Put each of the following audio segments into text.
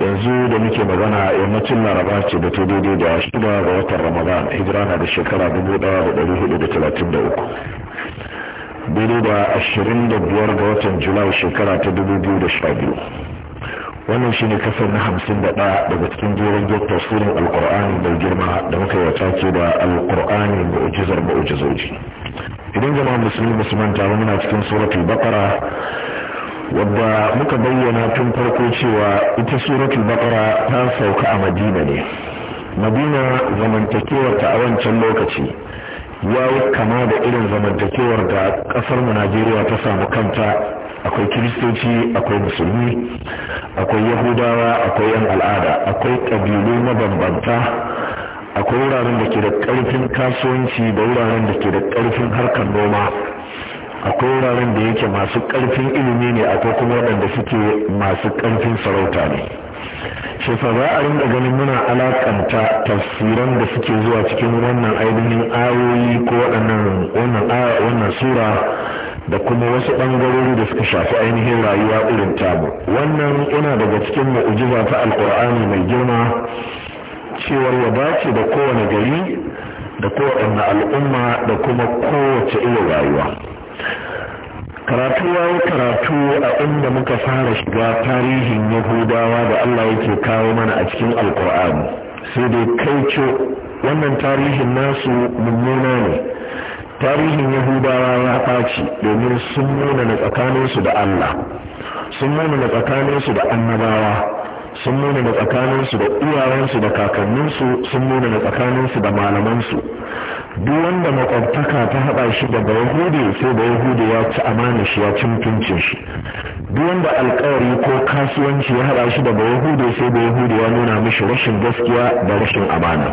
yanzu da muke magana yammacin laraba ce da ta daidai da shida ga watan ramadan hijira na da shekara dubu daya da dari hudu da talatin da uku daidai da ashirin da biyar ga watan julai shekara ta dubu biyu da sha biyu wannan shine kasar na hamsin da ɗaya daga cikin jerin gyar tasirin alkur'ani da girma da muka yi take da alkur'ani ma'ujizar ma'ujizoji idan jama'a musulmi musulman tare muna cikin suratul bakara wadda muka bayyana tun farko cewa ita suratul bakara ta sauka a madina ne madina zamantakewar ta a wancan lokaci ya kama da irin zamantakewar da kasar mu najeriya ta samu kanta akwai kiristoci akwai musulmi akwai yahudawa akwai yan al'ada akwai ƙabilu mabambanta akwai wuraren da ke da ƙarfin kasuwanci da wuraren da ke da ƙarfin harkar noma akwai wuraren da yake masu karfin ilimi ne akwai kuma waɗanda suke masu karfin sarauta ne shi fa za a rinka ganin muna alakanta tafsiran da suke zuwa cikin wannan ainihin ayoyi ko wannan sura da kuma wasu ɓangarori da suka shafi ainihin rayuwa irin tamu wannan yana daga cikin mu'ujiza ta alƙur'ani mai girma cewar ya dace da kowane gari da kowane al'umma da kuma kowace irin rayuwa karatu ya yi karatu a inda muka fara shiga tarihin yahudawa da allah yake kawo mana a cikin alkur'ani sai dai kai kaico wannan tarihin nasu mummuna ne tarihin yahudawa ya ɓaci domin sun nuna na tsakaninsu da allah sun nuna na tsakaninsu da annabawa sun nuna na tsakaninsu da iyayensu da kakanninsu sun nuna na tsakaninsu da malamansu duk wanda makwabtaka ta haɗa shi da yahudi sai yahudi ya ci amana shi ya cin shi duk wanda alkawari ko kasuwanci ya haɗa shi da yahudi sai yahudi ya nuna mishi rashin gaskiya da rashin amana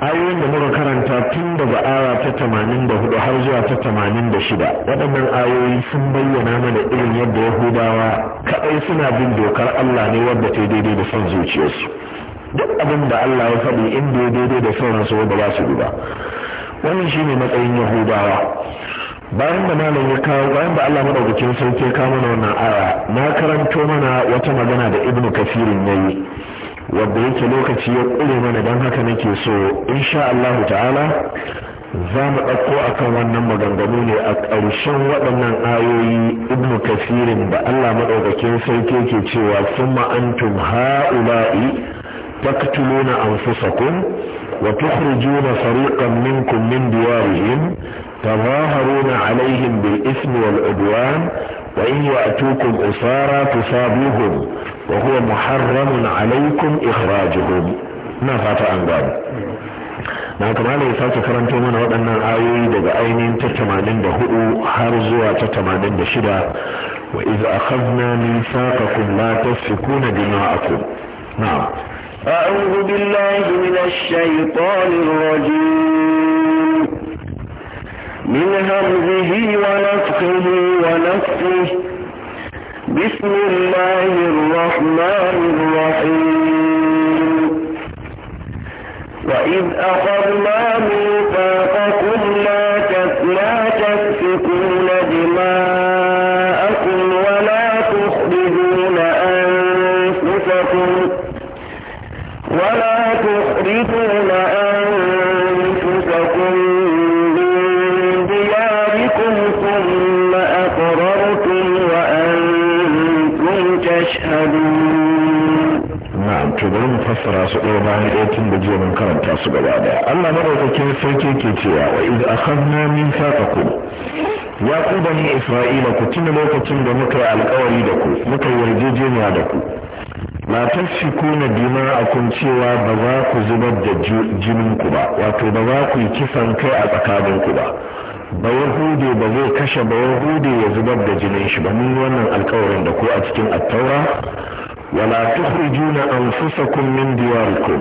ayoyin da muka karanta tun daga aya ta tamanin da hudu har zuwa ta tamanin da shida waɗannan ayoyi sun bayyana mana irin yadda yahudawa kaɗai suna bin dokar allah ne wadda ta daidai da son zuciyarsu duk abin da allah ya faɗi in da daidai da son rasu wadda ba su bi ba wannan shine matsayin yahudawa bayan da malam ya kawo bayan da allah maɗaukakin sarki ya kawo mana wannan aya na karanto mana wata magana da ibnu kafirin ya yi wadda yake lokaci ya ƙure mana don haka nake so insha Allah ta'ala za mu ɗauko a kan wannan maganganu ne a ƙarshen waɗannan ayoyi ibn kasirin da Allah maɗaukakin sauke ke cewa sun ma'antum ha'ula'i taktuluna anfusakum wa tukhrijuna fariqan minkum min diyarihim تظاهرون عليهم بالإثم والعدوان وإن يأتوكم أسارى تصابوهم وهو محرم عليكم اخراجهم ما فاتا نعم، ان قال ما كما لا يسال تفرنتم انا ودنا ايوي دغا اينين تا 84 har zuwa ta 86 wa iz akhadna mithaqakum la tasfikuna أعوذ بالله من الشيطان الرجيم من همزه ونفخه ونفخه بسم الله الرحمن الرحيم وإذ أخذنا ميثاق fassara su ɗaya bayan ɗaya tun da jiya mun karanta su gaba ɗaya Allah madaukakin sarki ke cewa wa iz akhadna mithaqakum ya ku bani isra'ila ku tuna lokacin da muka yi alkawari da ku muka yi yarjejeniya da ku la tasfikuna dima'akum cewa ba za ku zubar da jinin ku ba wato ba za ku yi kisan kai a tsakanin ku ba ba yahude ba zai kashe ba yahude ya zubar da jinin shi ba mun wannan alkawarin da ku a cikin attaura wala tukhrijuna anfusakum min diyarikum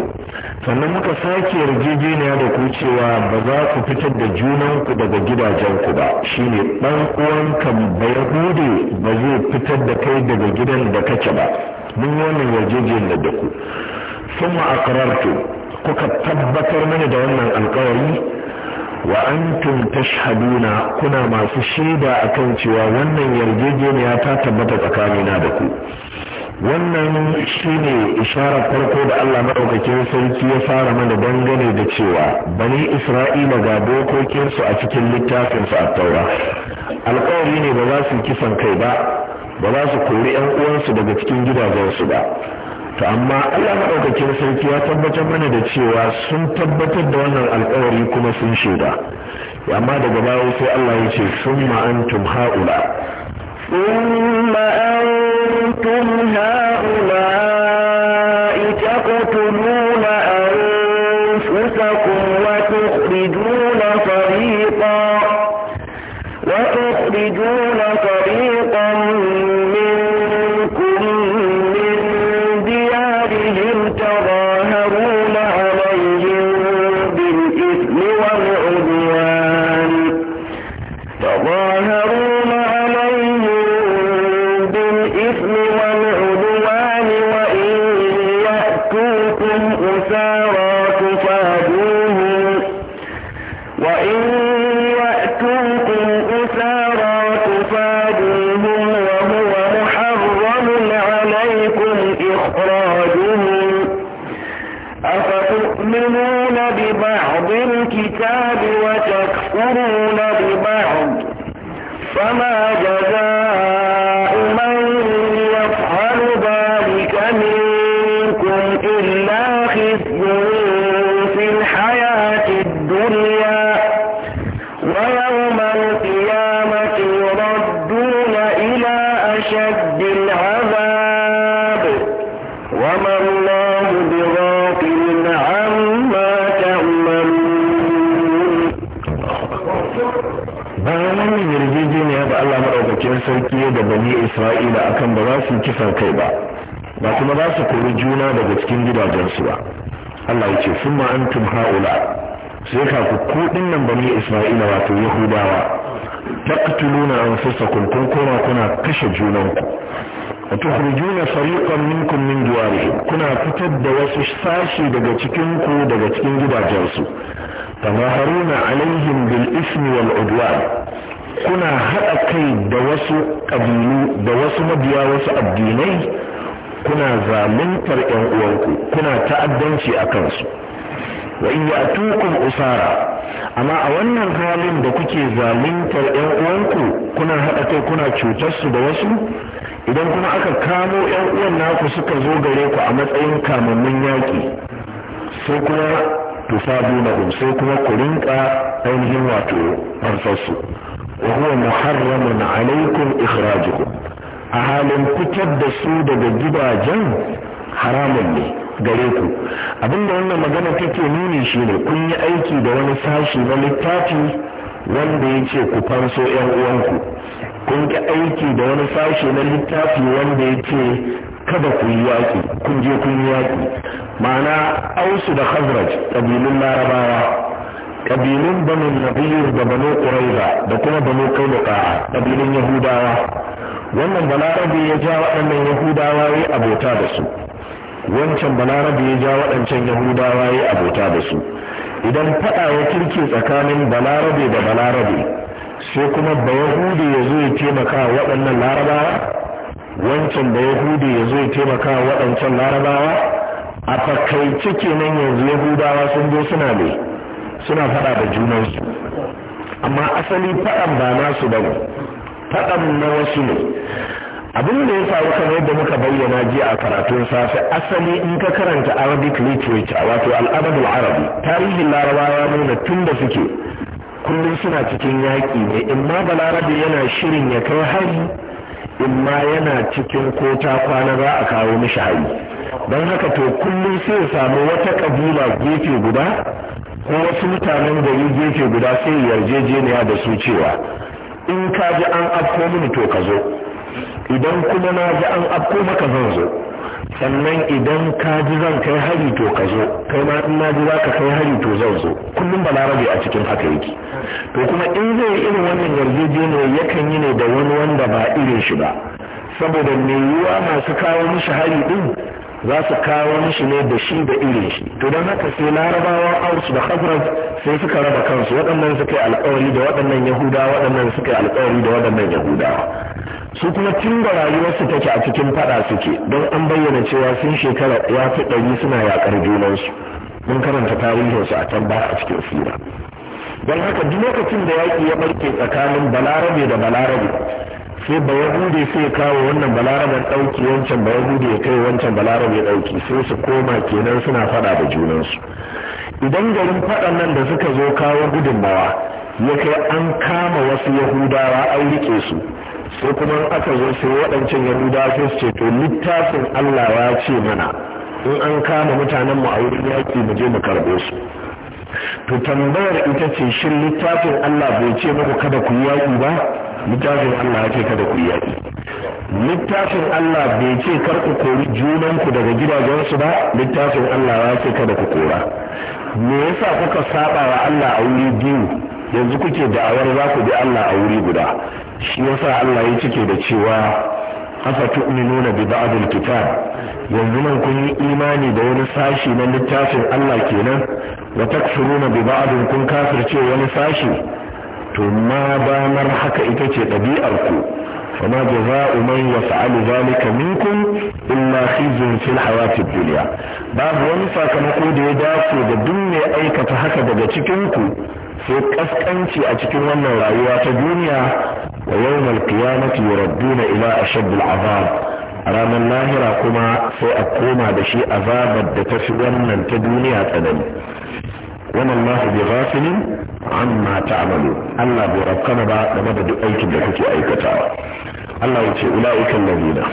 sannan muka sake yarjejeniya da ku cewa ba za ku fitar da junanku daga gidajenku ba shine dan uwanka ba gode ba zai fitar da kai daga gidan da kake ba mun wannan yarjejeniya da ku thumma aqrartu kuka tabbatar mana da wannan alƙawari wa antum tashhaduna kuna masu shaida akan cewa wannan yarjejeniya ta tabbata tsakanina da ku wannan shine isharar farko da Allah maɗaukakin sarki ya fara mana dangane da cewa bani isra'ila ga dokokinsu a cikin littafinsu a taura alkawari ne ba za su kisan kai ba ba za su kori yan uwansu daga cikin gidajensu ba to amma Allah maɗaukakin sarki ya tabbatar mana da cewa sun tabbatar da wannan alkawari kuma sun shaida amma daga baya sai Allah ya ce summa antum haula ثم أنتم هؤلاء su kisan kai ba ba kuma za su kori juna daga cikin gidajensu ba Allah ya ce summa antum haula sai ka ku kudin nan bani isma'ila wato Yahudawa taqtuluna anfusakum kun koma kuna kashe junanku wa tukhrijuna fariqan minkum min diyarihim kuna fitar da wasu sashi daga cikin ku daga cikin gidajensu tamaharuna alaihim bil ismi wal udwan kuna haɗa kai da wasu ƙabilu da wasu mabiya wasu addinai kuna zaluntar yan uwanku kuna ta'addanci a kansu wa in ya'tukum usara amma a wannan halin da kuke zaluntar yan uwanku kuna haɗa kai kuna cutar su da wasu idan kuma aka kamo yan uwan naku suka zo gare ku a matsayin kamammin yaƙi sai kuma tufadunahum sai kuma ku rinka ainihin wato harsarsu wa محرم عليكم alaikum ikhrajukum a halin fitar da su daga gidajen haramun ne gare abinda wannan magana take nuni ne kun yi aiki da wani sashi na littafi wanda ya ce ku fanso yan uwanku kun yi aiki da wani sashi na littafi wanda ya ce kada ku yi yaƙi kun je kun yi yaƙi ma'ana ausu da khazraj ƙabilun larabawa kabilun banu nabiyyar da banu ƙuraiba da kuma banu kailuka kabilun yahudawa wannan balarabe ya ja waɗannan yahudawa ya abota da su wancan balarabe ya ja waɗancan yahudawa ya abota da su idan faɗa ya kirki tsakanin balarabe da balarabe sai kuma ba yahudi ya zo ya taimaka waɗannan larabawa wancan da yahudi ya zo ya taimaka waɗancan larabawa a fakaice kenan yanzu yahudawa sun zo suna ne suna faɗa da junansu amma asali faɗan ba nasu ba faɗan na wasu ne abin da ya faru kamar yadda muka bayyana jiya a karatun safe asali in ka karanta arabic literature wato al'adar arabi tarihin larabawa nuna tun da suke kullum suna cikin yaƙi ne in ma balarabe yana shirin ya kai hari in ma yana cikin kota kwana za a kawo mishi hari don haka to kullum sai samu wata ƙabila gefe guda ko wasu mutanen da gari gefe guda sai yarjejeniya da su cewa in ka ji an afko mini to ka zo idan kuma na ji an afko maka zan zo sannan idan ka ji zan kai hari to ka zo kai ma in na ji za ka kai hari to zan zo kullum balarabe a cikin haka yake to kuma in zai yi irin wannan yarjejeniya yakan yi ne da wani wanda ba irin shi ba saboda mai yiwuwa masu kawo mishi hari din za su kawo mishi ne da shi da irin shi to don haka sai larabawa aus da khazraj sai suka raba kansu waɗannan suka yi alƙawari da waɗannan yahuda waɗannan suka yi alƙawari da waɗannan yahuda. su kuma tun da rayuwarsu take a cikin faɗa suke don an bayyana cewa sun shekara ya fi ɗari suna yaƙar junansu mun karanta tarihinsu a tabba ba a cikin sira don haka duk lokacin da yaƙi ya ɓarke tsakanin balarabe da balarabe sai ba gude sai ya kawo wannan balarabar ɗauki wancan ba gude ya kai wancan balarabe ɗauki sai su koma kenan suna faɗa da junansu idan garin faɗan nan da suka zo kawo gudunmawa ya kai an kama wasu yahudawa an rike su sai kuma aka zo sai waɗancan yahudawa sai su ce to littafin allah ya ce mana in an kama mutanenmu a wurin yaƙi mu je mu karɓo su to tambayar ita ce shin littafin Allah bai ce muku kada ku yaƙi ba littafin Allah ya ce kada ku yaƙi littafin Allah bai ce kar ku kori junanku daga gidajensu ba littafin Allah ya ce kada ku kora me yasa kuka saba wa Allah a wuri biyu yanzu kuke da'awar za ku bi Allah a wuri guda shi yasa Allah ya cike da cewa afa tu'minuna bi ba'dil kitab yanzu man kun yi imani da wani sashi na littafin Allah kenan wa takfuru na kun kafirce wani sashi to ma damar haka ita ce ɗabi'ar ku fa ma jaza umar ya fa'alu zalika minkum illa khizun fil hayati dunya babu wani sakamako da ya dace da duk mai aikata haka daga cikin ku sai kaskanci a cikin wannan rayuwa ta duniya wa yawmal qiyamati yuradduna ila ashaddil azab ranar lahira kuma sai a koma da shi azabar da ta fi wannan ta duniya tsanani wannan masu bi ghafilin amma ta'malu Allah bai rakkana ba game da duk aikin da kuke aikatawa Allah ya ce ula'ikan ladina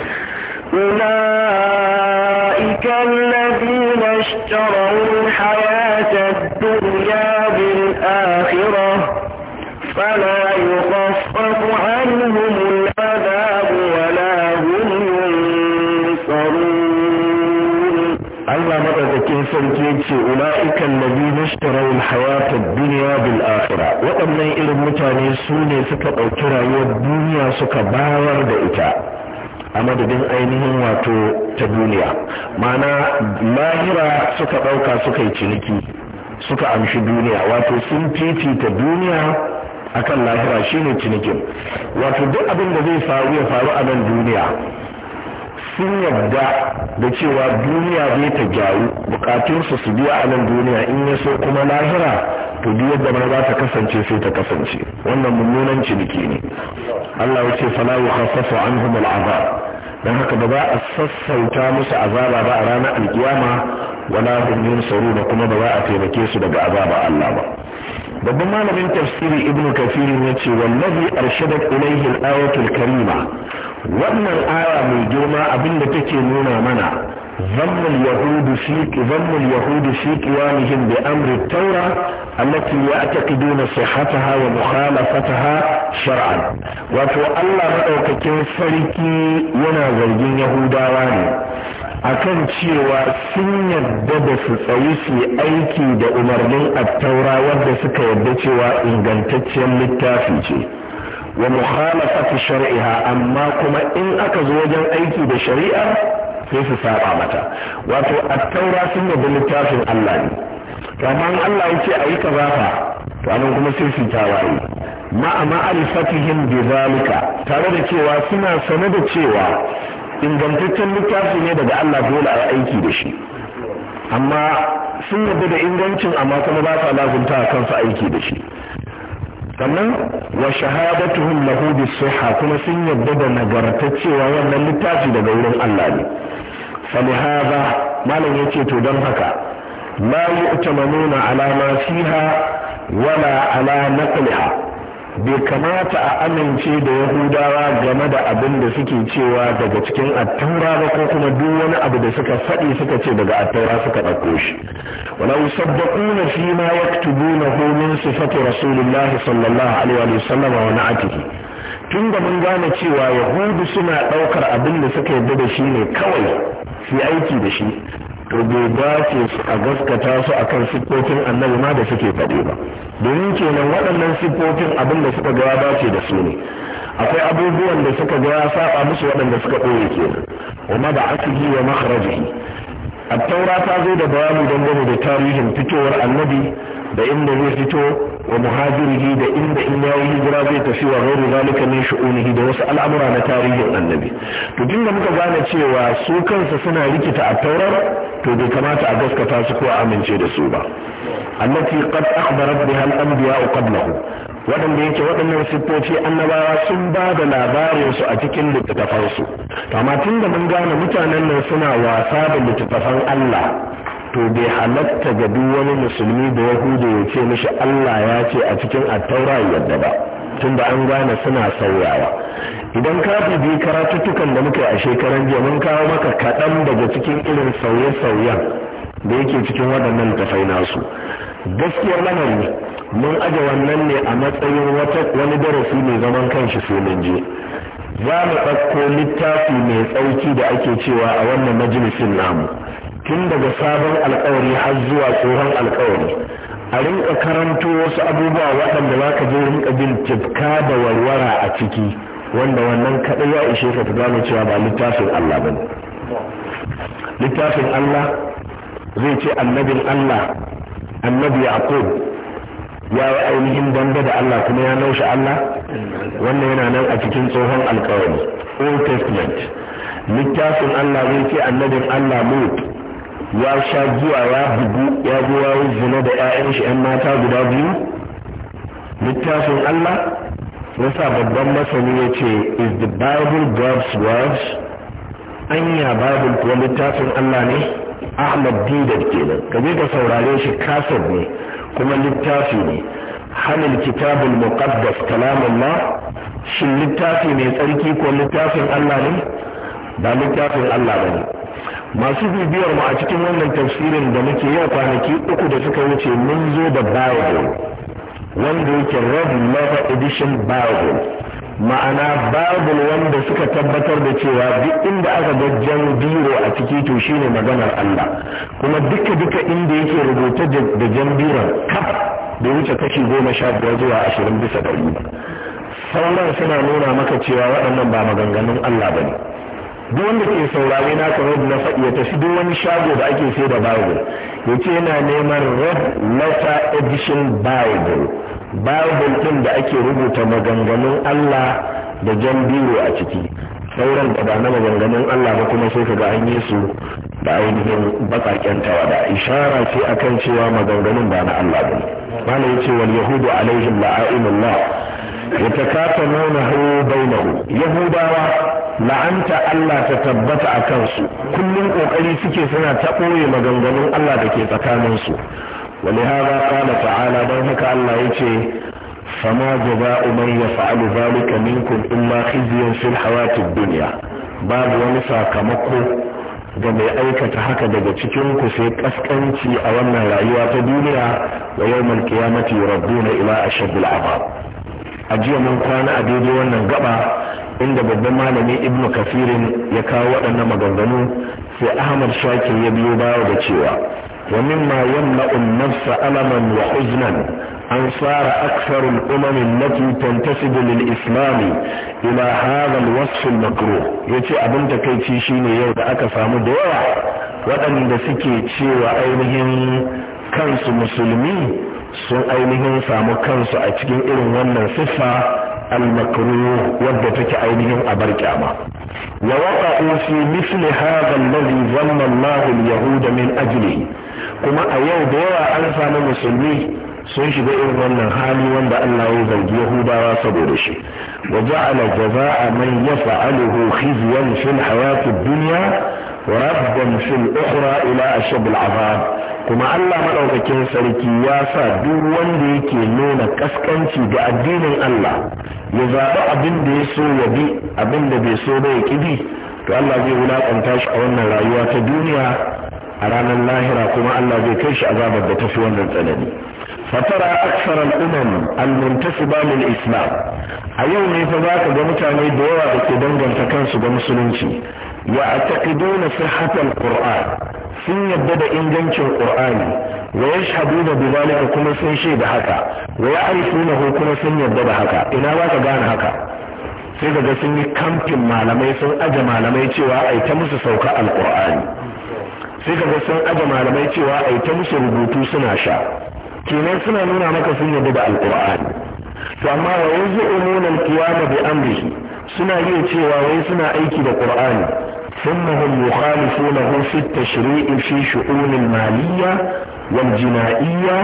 أولئك الذين اشتروا الحياة الدنيا بالآخرة فلا يخفف عنهم ce ula'ika allazina na al-hayata ad-dunya waɗannan irin mutane su ne suka ɗauki rayuwar duniya suka bayar da ita a madadin ainihin wato ta duniya ma'ana lahira suka ɗauka suka yi ciniki suka amshi duniya wato sun ta duniya akan lahira shine cinikin wato duk abin da zai faru ya faru a nan duniya sun yarda da cewa duniya zai ta jawo bukatunsu su biya a nan duniya in ya so kuma lahira to duk yadda ma za ta kasance sai ta kasance wannan mummunan ciniki ne Allah ya ce fala yukhaffafu anhum al'azab dan haka ba za a sassauta musu azaba ba a ranar alkiyama wala hum da kuma ba za a taimake su daga azaba Allah ba babban malamin tafsiri ibnu kafirin ya ce wallazi arshadat ilayhi al-ayatul karima wannan aya mai girma abinda take nuna mana zammu yahudu shiki zammu yahudu shiki wa mihim bi amri taura allati ya'taqiduna sihhataha wa mukhalafataha shar'an wato Allah madaukakin sarki yana zargin yahudawa ne akan cewa sun yarda da su tsayi su aiki da umarnin attaura wadda suka yarda cewa ingantaccen littafi ce wa mukhalafati shari'a amma kuma in aka zo wajen aiki da shari'a sai su saba mata wato attaura sun yarda littafin Allah ne to amma in Allah ya ce ayi kaza fa to anan kuma sai su tawaye ma'a ma'arifatihim bi zalika tare da cewa suna sanar da cewa ingantaccen littafi ne daga Allah dole a aiki da shi amma sun yadda da ingancin amma kuma ba sa a kansu aiki da shi sannan wa shahadatuhum lahu bisihha kuma sun yadda da cewa wannan littafi daga wurin Allah ne falihaba malam yace to don haka la yu'tamanuna ala ma fiha wala ala naqliha bai kamata a amince da yahudawa game da abin da suke cewa daga cikin attaura ba ko kuma duk wani abu da suka faɗi suka ce daga attaura suka ɗauko shi wala yusaddaquna fi ma yaktubunahu min sifati rasulillahi sallallahu alaihi wa sallam wa na'atihi tun da mun gane cewa yahudu suna ɗaukar abin da suka yarda da shi ne kawai su aiki da shi to bai dace a gaskata su akan siffofin annabi ma da suke faɗi ba domin kenan waɗannan siffofin abin da suka ga ya dace da su ne akwai abubuwan da suka ga ya saba musu waɗanda suka ɓoye kenan wa ma da asigi wa makharajihi at-taura ta zo da bayani dangane da tarihin fitowar annabi da inda zai fito wa muhajirihi da inda in yayi hijira zai tafi wa ghairu zalika min shu'unihi da wasu al'amura na tarihin annabi to dinga muka gane cewa su kansa suna rikita a taurar to bai kamata a gaskata su ko a amince da su ba allati qad akhbarat biha al-anbiya'u qablahu waɗanda yake waɗannan siffofi annabawa sun ba da labarinsu a cikin littattafansu amma tun da mun gane mutanen nan suna wasa da littattafan Allah to bai halatta ga duk wani musulmi da yahudu ya ce mishi Allah ya ce a cikin attaura yadda ba tun da an gane suna sauyawa idan ka bi karatuttukan da muka a shekaran jiya mun kawo maka kaɗan daga cikin irin sauye-sauyen da yake cikin waɗannan tafai nasu gaskiyar lamari mun aje wannan ne a matsayin wata wani darasi mai zaman kanshi sai mun je za mu ɗauko littafi mai tsauki da ake cewa a wannan majalisin namu tun daga sabon alkawari har zuwa tsohon alkawari a rinka karanto wasu abubuwa waɗanda za ka je rinka bin tifka da warwara a ciki wanda wannan kaɗai ya ishe ka ta gano cewa ba littafin Allah ba ne littafin Allah zai ce annabin Allah annabi Yaqub ya yi ainihin dambe da Allah kuma ya naushe Allah wannan yana nan a cikin tsohon alkawari Old Testament littafin Allah zai ce annabin Allah Lut ya sha zuwa ya bugu ya zo ya yi zina da 'ya'yan shi 'yan mata guda biyu littafin Allah yasa babban masani ya ce is the bible god's words anya bible ko littafin Allah ne Ahmad ke kenan ka je ka saurare shi kasar ne kuma littafi ne hannun kitabul muqaddas ma shin littafi mai tsarki ko littafin Allah ne ba littafin Allah ba ne masu bibiyar mu a cikin wannan tafsirin da muke yau kwanaki uku da suka wuce mun zo da bible wanda yake red leather edition bible ma'ana bible wanda suka tabbatar da cewa duk inda aka ga jan biro a ciki to shine maganar Allah kuma duka duka inda yake rubuta da jan biron kaf da wuce kashi goma sha biyar zuwa ashirin bisa ɗari sauran suna nuna maka cewa waɗannan ba maganganun Allah ba ne duk wanda ke saurari na kamar na faɗi ya tafi duk wani shago da ake sai da bible ya ce yana neman red letter edition bible bible ɗin da ake rubuta maganganun allah da jan biro a ciki sauran da ba na maganganun Allah ba kuma sai kaga an yi su da ainihin baƙaƙen tawada ishara ce akan cewa maganganun ba na Allah ba mana yace wal yahudu alaihim la'inullah yatakafamunahu bainahu yahudawa la'anta Allah ta tabbata a kansu kullum kokari suke suna ta ɓoye maganganun Allah da ke tsakaninsu ولهذا قال تعالى بينك الله يتي فما جزاء من يفعل ذلك منكم إلا خزي في الحياة duniya babu wani sakamako da mai aikata haka daga cikin ku sai kaskanci a wannan rayuwa ta duniya wa yawmal qiyamati na ila ashadil azab a jiya mun kwana a daidai wannan gaba inda babban malami ibnu kafirin ya kawo waɗannan maganganu sai ahmad shakir ya biyo bawa da cewa wa mimma yamla'u an alaman wa huznan an sara aksar al-umam allati tantasibu lil-islam ila hadha al-wasf al-makruh yace abin takeici shine yau da aka samu da yawa waɗanda suke cewa ainihin kansu musulmi sun ainihin samu kansu a cikin irin wannan siffa almakruh wadda take ainihin a bar kyama wa waqa'u fi mithli hadha alladhi zanna Allah al-yahuda min ajli kuma a yau da yawa an samu musulmi sun shiga irin wannan hali wanda Allah ya zargi yahudawa saboda shi wa ja'ala jaza'a man yaf'aluhu khizyan fil hayati ad-dunya rabbun fil ukhra ila ashab al'azab kuma Allah maɗaukakin sarki ya sa duk wanda yake nuna ƙasƙanci ga addinin Allah ya zaɓi abin da ya so bi abin bai so ba ya ƙi to Allah zai wulaƙanta shi a wannan rayuwa ta duniya a ranar lahira kuma Allah zai kai shi azabar da tafi wannan tsanani fatara aksar al'umam al ba lil islam a yau ne fa zaka ga mutane da yawa da ke danganta kansu ga musulunci يعتقدون صحة القرآن sun yadda da ingancin Qur'ani wa yashhaduna bi zalika kuma sun da haka wa ya'rifunahu kuma sun yadda da haka ina ba ka gane haka sai daga sun yi kamfin malamai sun aje malamai cewa ai ta musu sauka alqur'ani sai kaga sun aje malamai cewa ai musu rubutu suna sha kenan suna nuna maka sun yadda da alqur'ani to amma wa yanzu umunan qiyama bi amrihi suna iya cewa wai suna aiki da ƙur'ani sunnahum yukhalifunahu fi at-tashri'i fi shu'un maliyya wal jina'iyya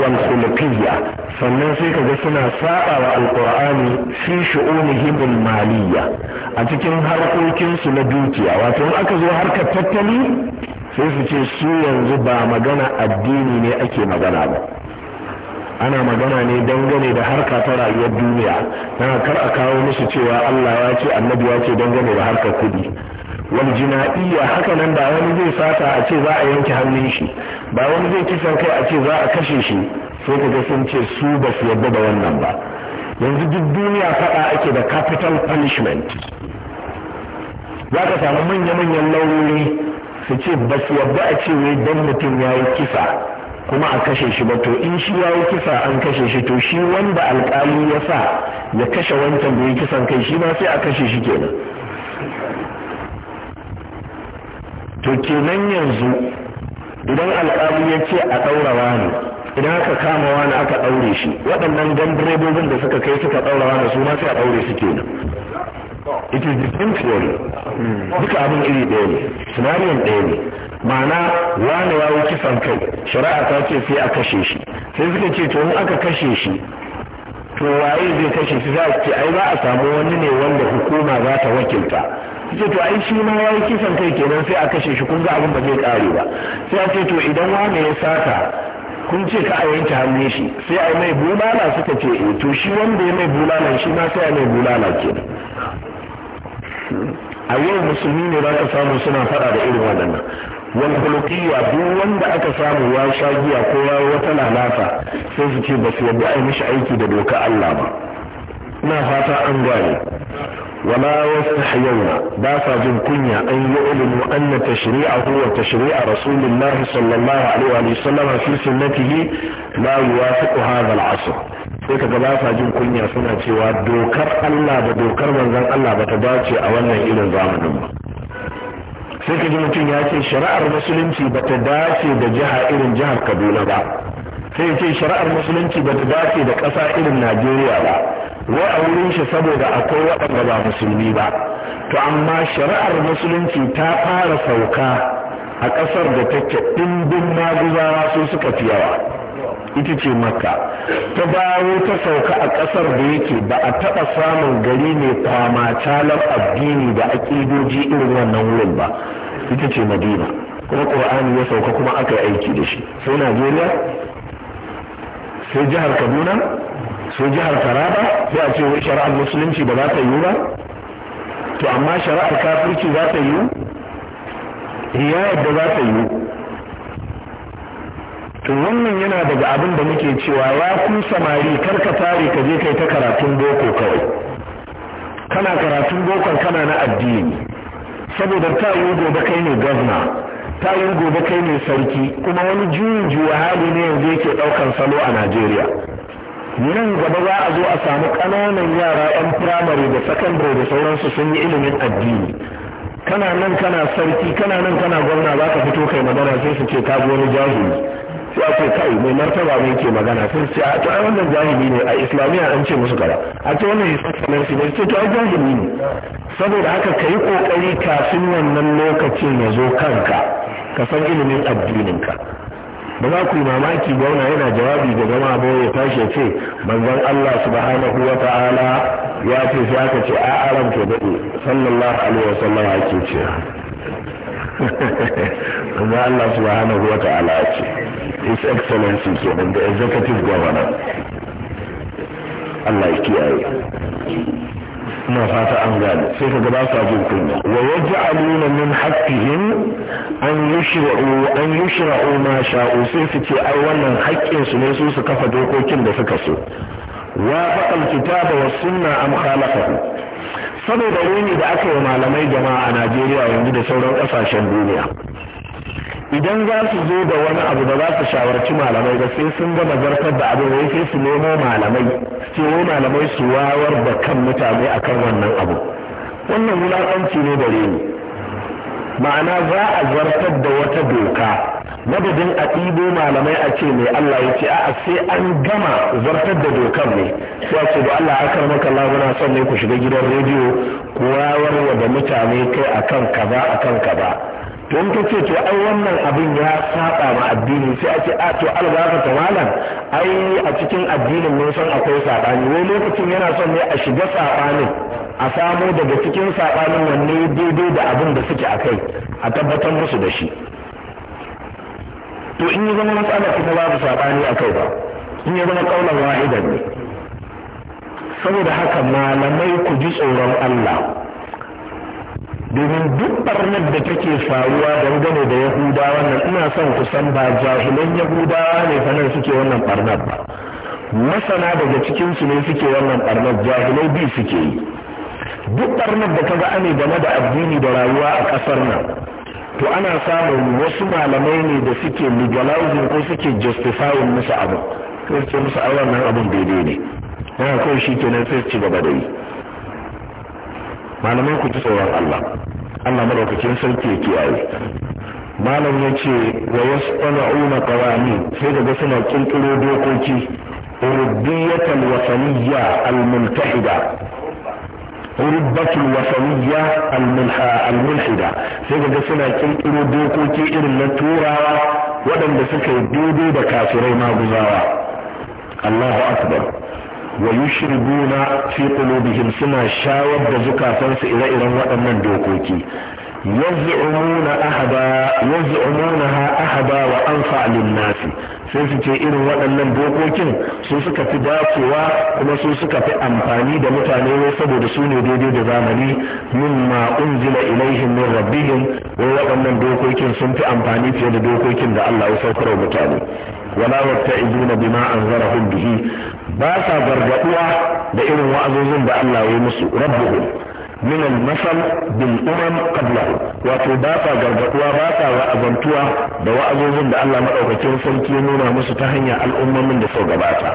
wal khulqiyya sannan sai kaga suna saba wa al-qur'ani fi shu'unihim al-maliyya a cikin harkokin su na dukiya wato in aka zo harkar tattali sai su ce su yanzu ba magana addini ne ake magana ba ana magana ne dangane da harka ta rayuwar duniya na kar a kawo mishi cewa Allah ya ce annabi ya ce dangane da harkar kudi wani jina'iyya haka nan ba wani zai sata a ce za a yanke hannun shi ba wani zai kisan kai a ce za a kashe shi sai ka ga sun ce su ba su yarda da wannan ba yanzu duk duniya faɗa ake da capital punishment za ka samu manya-manyan laurori su ce ba su yarda a ce wai dan mutum ya yi kisa kuma a kashe shi ba to in shi ya yi kisa an kashe shi to shi wanda alkali ya sa ya kashe wancan da ya kisan kai shi ma sai a kashe shi kenan to kenan yanzu idan alkali ya ce a daura wani idan aka kama wani aka ɗaure shi waɗannan gandirebobin da suka kai suka daura wani su ma sai a ɗaure su kenan it is the same theory duka abin iri ɗaya ne scenario ɗaya ne ma'ana wane ya yi kisan kai shari'a ta ce sai a kashe shi sai suka ce to in aka kashe shi to waye zai kashe shi za a ce ai za a samu wani ne wanda hukuma za ta wakilta ce to ai shi ma ya yi kisan kai kenan sai a kashe shi kun ga abin ba zai kare ba sai a ce to idan wane ya sata kun ce ka a yanke hannun shi sai a mai bulala suka ce eh, to shi wanda ya mai bulala shi ma sai a mai bulala kenan a yau musulmi ne za ka samu suna faɗa da irin waɗannan wal hulqiyya duk wanda aka samu ya sha giya ko ya wata lalata sai su ce ba su yadda ai mishi aiki da doka Allah ba ina fata an gwaye wala yastahyuna ba sa jin kunya an yi yu'linu anna tashri'ahu wa tashri'a rasulillahi sallallahu alaihi wa sallam fi sunnatihi la yuwafiqu hadha al-'asr sai kaga ba sa jin kunya suna cewa dokar Allah da dokar manzon Allah ba ta dace a wannan irin zamanin ba sai kaji mutum ya ce shari'ar musulunci ba ta dace da jiha irin jihar Kaduna ba sai ya ce shari'ar musulunci ba ta dace da ƙasa irin Najeriya ba wai a wurin shi saboda akwai waɗanda ba musulmi ba to amma shari'ar musulunci ta fara sauka a ƙasar da take ɗimbin maguzawa su suka fi yawa ita ce makka ta dawo ta sauka a ƙasar da yake ba a taɓa samun gari mai calar addini da aƙidoji irin wannan wurin ba ita ce madina kuma ƙur'ani ya sauka kuma aka yi aiki da shi sai najeriya sai jihar kaduna sai jihar taraba sai a ce wai shari'ar musulunci ba za ta yiwu ba to amma shari'ar kafirci za ta yiwu ya yadda za ta yiwu to wannan yana daga abin da muke cewa ya ku samari kar ka tare ka je kai ta karatun boko kawai kana karatun bokon kana na addini saboda ta yi gobe kai ne gwamna ta yi gobe kai ne sarki kuma wani juyin juwa hali ne yanzu yake daukan salo a najeriya nan gaba za a zo a samu ƙananan yara 'yan firamare da sakandare da sauransu sun yi ilimin addini kana nan kana sarki kana nan kana gwamna za ka fito kai magana sai su ce ka wani jahili sai a ce kai mai martaba mai ke magana sai su ce a ta wannan jahili ne a islamiyya an ce musu kaza a ce wannan islamiyya ne ce ta ai jahili ne saboda haka ka yi kokari kafin wannan lokacin ya zo kanka ka san ilimin addininka ba za ku yi mamaki gwamna yana jawabi ga gama ba ya tashi ce manzon Allah subhanahu wa ta'ala ya ce sai aka ce a aram ke daɗe sallallahu alaihi wa sallam ake ce kuma Allah subhanahu wa ta'ala ya ce his excellency ke da executive governor Allah ya kiyaye ما فات أمجاد سيك قبالك أجيب كلمة ويجعلون من حقهم أن يشرعوا أن يشرعوا ما شاءوا سيك تي أولا حق إنسو نيسو سكفة دوكو كم دفكسو وافق الكتاب والسنة أم خالقه سبب ويني دعكي ومعلمي جماعة ناجيريا ويندي سورة أساشا الدنيا idan za su zo da wani abu da za su shawarci malamai ba sai sun gama zartar da abin wai sai su nemo malamai su wai malamai su wawar da kan mutane a kan wannan abu wannan wulaƙanci ne da ni ma'ana za a zartar da wata doka madadin a ɗibo malamai a ce mai Allah ya ce a'a sai an gama zartar da dokar ne sai ce da Allah akar maka labuna son ne ku shiga gidan rediyo ku wawar da mutane kai akan kaza akan kaza to in ce to ai wannan abin ya saba ma addini sai a ce a to albarka ta malam ai a cikin addinin mun san akwai sabani wai lokacin yana son ne a shiga sabanin a samo daga cikin sabanin wanne daidai da abin da suke akai a tabbatar musu da shi to in yi zama matsalar kuma babu sabani akai ba in ya zama kaulan wahidan ne saboda haka malamai ku ji tsoron Allah domin duk barnar da take faruwa dangane da yahudawa nan ina son ku san ba jahilan yahudawa ne fa nan suke wannan barnar ba masana daga cikin su ne suke wannan barnar jahilai bi suke yi duk barnar da kaga ane game da addini da rayuwa a kasar nan to ana samun wasu malamai ne da suke legalizing ko suke justifying musu abu ko suke musu a nan abun daidai ne na kawai shi kenan sai ci gaba da yi malamai ku ji tsoron Allah Allah madaukakin sarki ya kiyaye malam ya ce wa yasana'una qawani sai daga suna kirkiro dokoki urubbiyatal wasaniyya al-multahida rubbatul wasaniyya sai daga suna kirkiro dokoki irin na turawa waɗanda suka yi daidai da kafirai maguzawa Allahu akbar ويشربون في قلوبهم سنا شاور بزكا فانس إلى الى وأمن دوكوكي يزعمونها أحدا يزعمونها أحدا وأنفع للناس sai su ce irin waɗannan dokokin su suka fi dacewa kuma su suka fi amfani da mutane wai saboda su ne daidai da zamani mimma unzila ilaihim min rabbihim wai waɗannan dokokin sun fi amfani fiye da dokokin da Allah ya saukar wa mutane wala yatta'izuna bima anzarahum bihi ba sa gargaduwa da irin wa'azozin da Allah ya yi musu rabbuhum من المثل masal bil umam wato ba sa gargaduwa ba sa wa'azantuwa da wa'azozin da Allah madaukakin sarki ya nuna musu ta hanya al'ummomin da suka gabata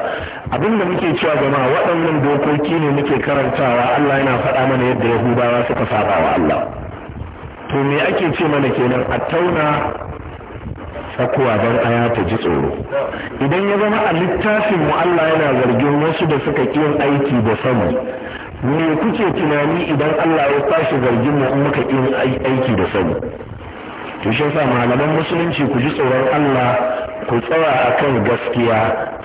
abin da muke cewa jama'a waɗannan dokoki ne muke karantawa Allah yana faɗa mana yadda Yahudawa suka saba wa Allah to me ake ce mana kenan a tauna sakuwa don aya ta ji tsoro idan ya zama a littafin mu Allah yana zargin wasu da suka ƙi aiki da sani me kuke tunani idan Allah ya kwashe zargin mu muka yi aiki da sani to shi yasa malaman musulunci ku ji tsoron Allah ku tsaya akan gaskiya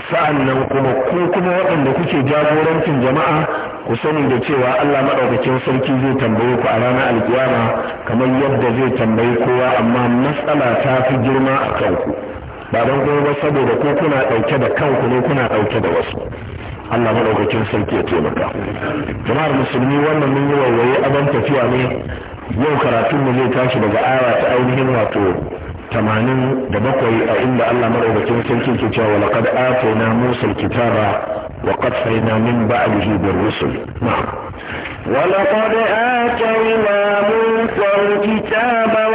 sa'annan kuma ku kuma waɗanda kuke jagorancin jama'a ku sani da cewa Allah madaukakin sarki zai tambaye ku a ranar alkiyama kamar yadda zai tambayi kowa amma matsala ta fi girma a kanku ba don ba saboda ko kuna ɗauke da kanku ne kuna ɗauke da wasu Allah maɗaukakin sarki ya taimaka jama'ar musulmi wannan mun yi wawaye abin tafiya ne yau karatun mu zai tashi daga aya ta ainihin wato tamanin da bakwai a inda Allah maɗaukakin sarki ke cewa wa laqad atayna musa alkitaba wa qad sayna min ba'dihi bir rusul na'am wa laqad atayna musa alkitaba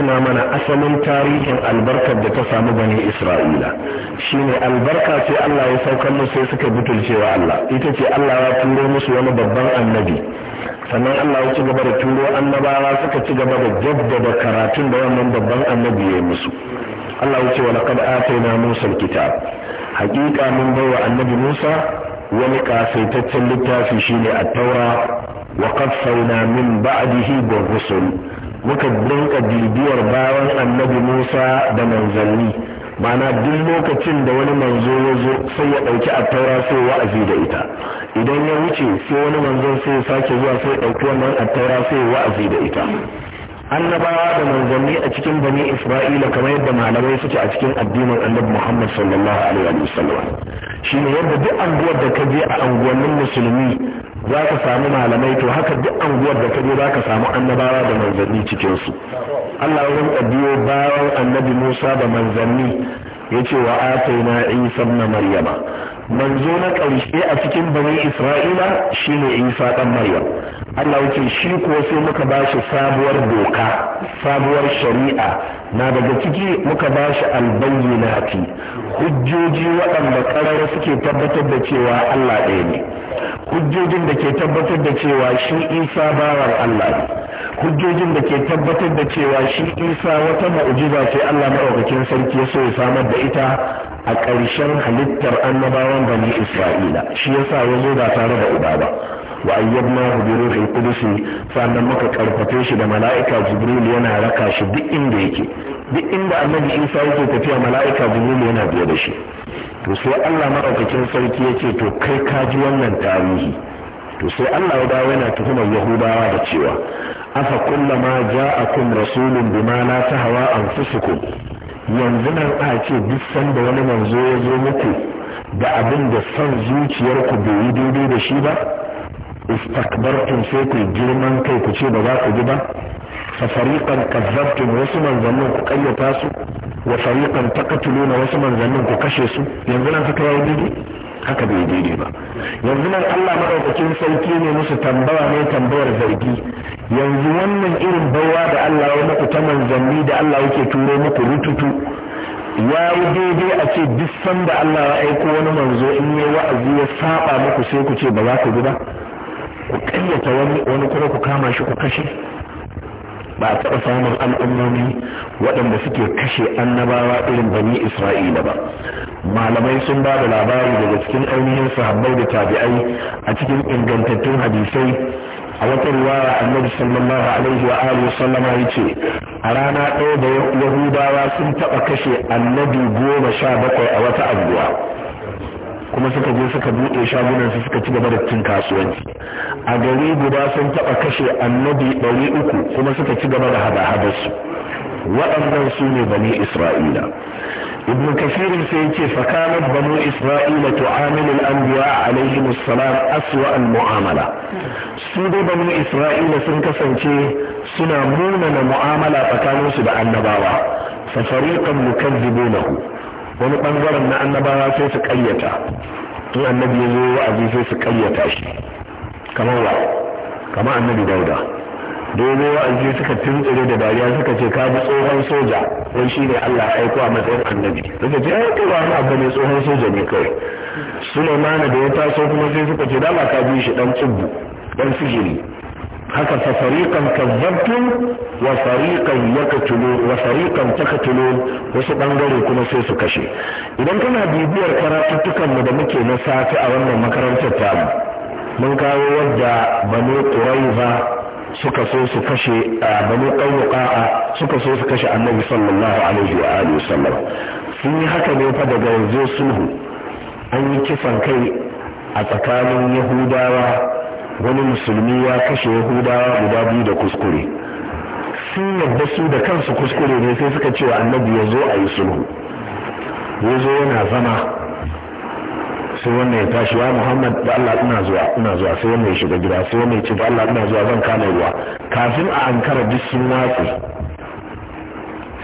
tuna mana asalin tarihin albarkar da ta samu bani isra'ila shine albarka ce allah ya saukar musu sai suka butulcewa allah ita ce allah ya turo musu wani babban annabi sannan allah ya ci gaba da turo annabawa suka ci gaba da jaddada karatun da wannan babban annabi ya yi musu allah ya ce wa laqad atayna musa alkitab haƙiƙa mun baiwa annabi musa wani kasaitaccen littafi shine at-taura wa qaffayna min ba'dihi bir-rusul muka dinka bibiyar bayan annabi musa da manzanni mana duk lokacin da wani manzo ya zo sai ya ɗauki attaura sai wa'azi da ita idan ya wuce sai wani manzo sai ya sake zuwa sai ya ɗauki wannan attaura sai wa'azi da ita annabawa da manzanni a cikin bani isra'ila kamar yadda malamai suke a cikin addinin annabi muhammad sallallahu alaihi wa sallam shine yadda duk anguwar da ka je a anguwannin musulmi za ka samu malamai to haka duk anguwar da ka je za ka samu annabawa da manzanni cikin su Allah ya rinka biyo bayan annabi Musa da manzanni yace wa atayna Isa na Maryama manzo na ƙarshe a cikin bani isra'ila shine isa ɗan maryam allah yake shi kuwa sai muka ba shi sabuwar doka sabuwar shari'a na daga ciki muka ba shi albayyinati hujjoji waɗanda ƙarar suke tabbatar da cewa allah ɗaya ne hujjojin da ke tabbatar da cewa shi isa bawar allah ne hujjojin da ke tabbatar da cewa shi isa wata ma'ujiza ce allah maɗaukakin sarki ya so ya samar da ita a ƙarshen halittar annabawan bani isra'ila shi yasa ya zo ba tare da uba ba wa ayyabna hu bi ruhil qudus sannan muka karfafe shi da mala'ika jibril yana raka shi duk inda yake duk inda annabi isa yake tafiya mala'ika jibril yana biye da shi to sai Allah madaukakin sarki ce to kai ka ji wannan tarihi to sai Allah ya dawo yana tuhumar yahudawa da cewa afa kullama ja'akum rasulun bima la an anfusukum yanzu nan a ce duk sanda wani manzo ya zo muku da abin da son ku bai yi daidai da shi ba istakbartum sai ku girman kai ku ce ba za ku ji ba fa fariqan kazzabtum wasu manzannin ku kayyata su wa fariqan taqtuluna wasu manzannin ku kashe su yanzu nan suka yi daidai haka bai daidai ba yanzu nan Allah madaukakin sauki ne musu tambaya ne tambayar zargi yanzu wannan irin bawa da Allah ya muku ta manzanni da Allah yake turo muku rututu ya yi daidai a ce duk sanda Allah ya aiko wani manzo in ya wa'azi ya saba muku sai ku ce ba za ku bi ba ku kayyata wani wani kuma ku kama shi ku kashe ba a taɓa samun al'ummomi waɗanda suke kashe annabawa irin bani isra'ila ba malamai sun ba da labari daga cikin ainihin sahabbai da tabi'ai a cikin ingantattun hadisai a wata ruwaya annabi sallallahu alaihi wa alihi sallama yace a rana ɗaya da yahudawa sun taɓa kashe annabi goma sha bakwai a wata anguwa kuma suka zo suka buɗe shagunansu suka ci gaba da cin kasuwanci a gari guda sun taɓa kashe annabi ɗari uku kuma suka ci gaba da hada-hadarsu waɗannan su ne bani isra'ila ibn kafir sai ce fakanat bani isra'ila to al-anbiya a assalam aswa al-mu'amala su dai bani isra'ila sun kasance suna munana mu'amala tsakaninsu da annabawa fa fariqan yukazzibunahu wani ɓangaren na annabawa sai su ƙayyata in annabi ya zo wa'azi sai su ƙayyata shi kamar wa kamar annabi dauda domin wa'azi suka tuntsire da dariya suka ce ka bi tsohon soja wai shi ne Allah ya aiko a matsayin annabi suka ce ai kai wani abu ne tsohon soja ne kawai Sulaimana da ya taso kuma sai suka ce dama ka bi shi dan tsubbu dan sihiri haka fa fariqan kazzabtum wa fariqan yaqtulun wa fariqan taqtulun wasu bangare kuma sai su kashe idan kana bibiyar karatuttukan mu da muke na safi a wannan makarantar tamu mun kawo wadda banu quraiza suka so su kashe banu qawqa'a suka so su kashe annabi sallallahu alaihi wa alihi wasallam sun yi haka ne fa daga yanzu sulhu an yi kisan kai a tsakanin yahudawa wani musulmi ya kashe yahudawa guda biyu da kuskure sun yadda su da kansu kuskure ne sai suka cewa annabi ya zo a yi sulhu ya zo yana zama sai wannan ya tashi wa muhammad da allah ina zuwa ina zuwa sai wannan ya shiga gida sai wannan ya ce da allah ina zuwa zan kama ruwa kafin a ankara duk sun watsi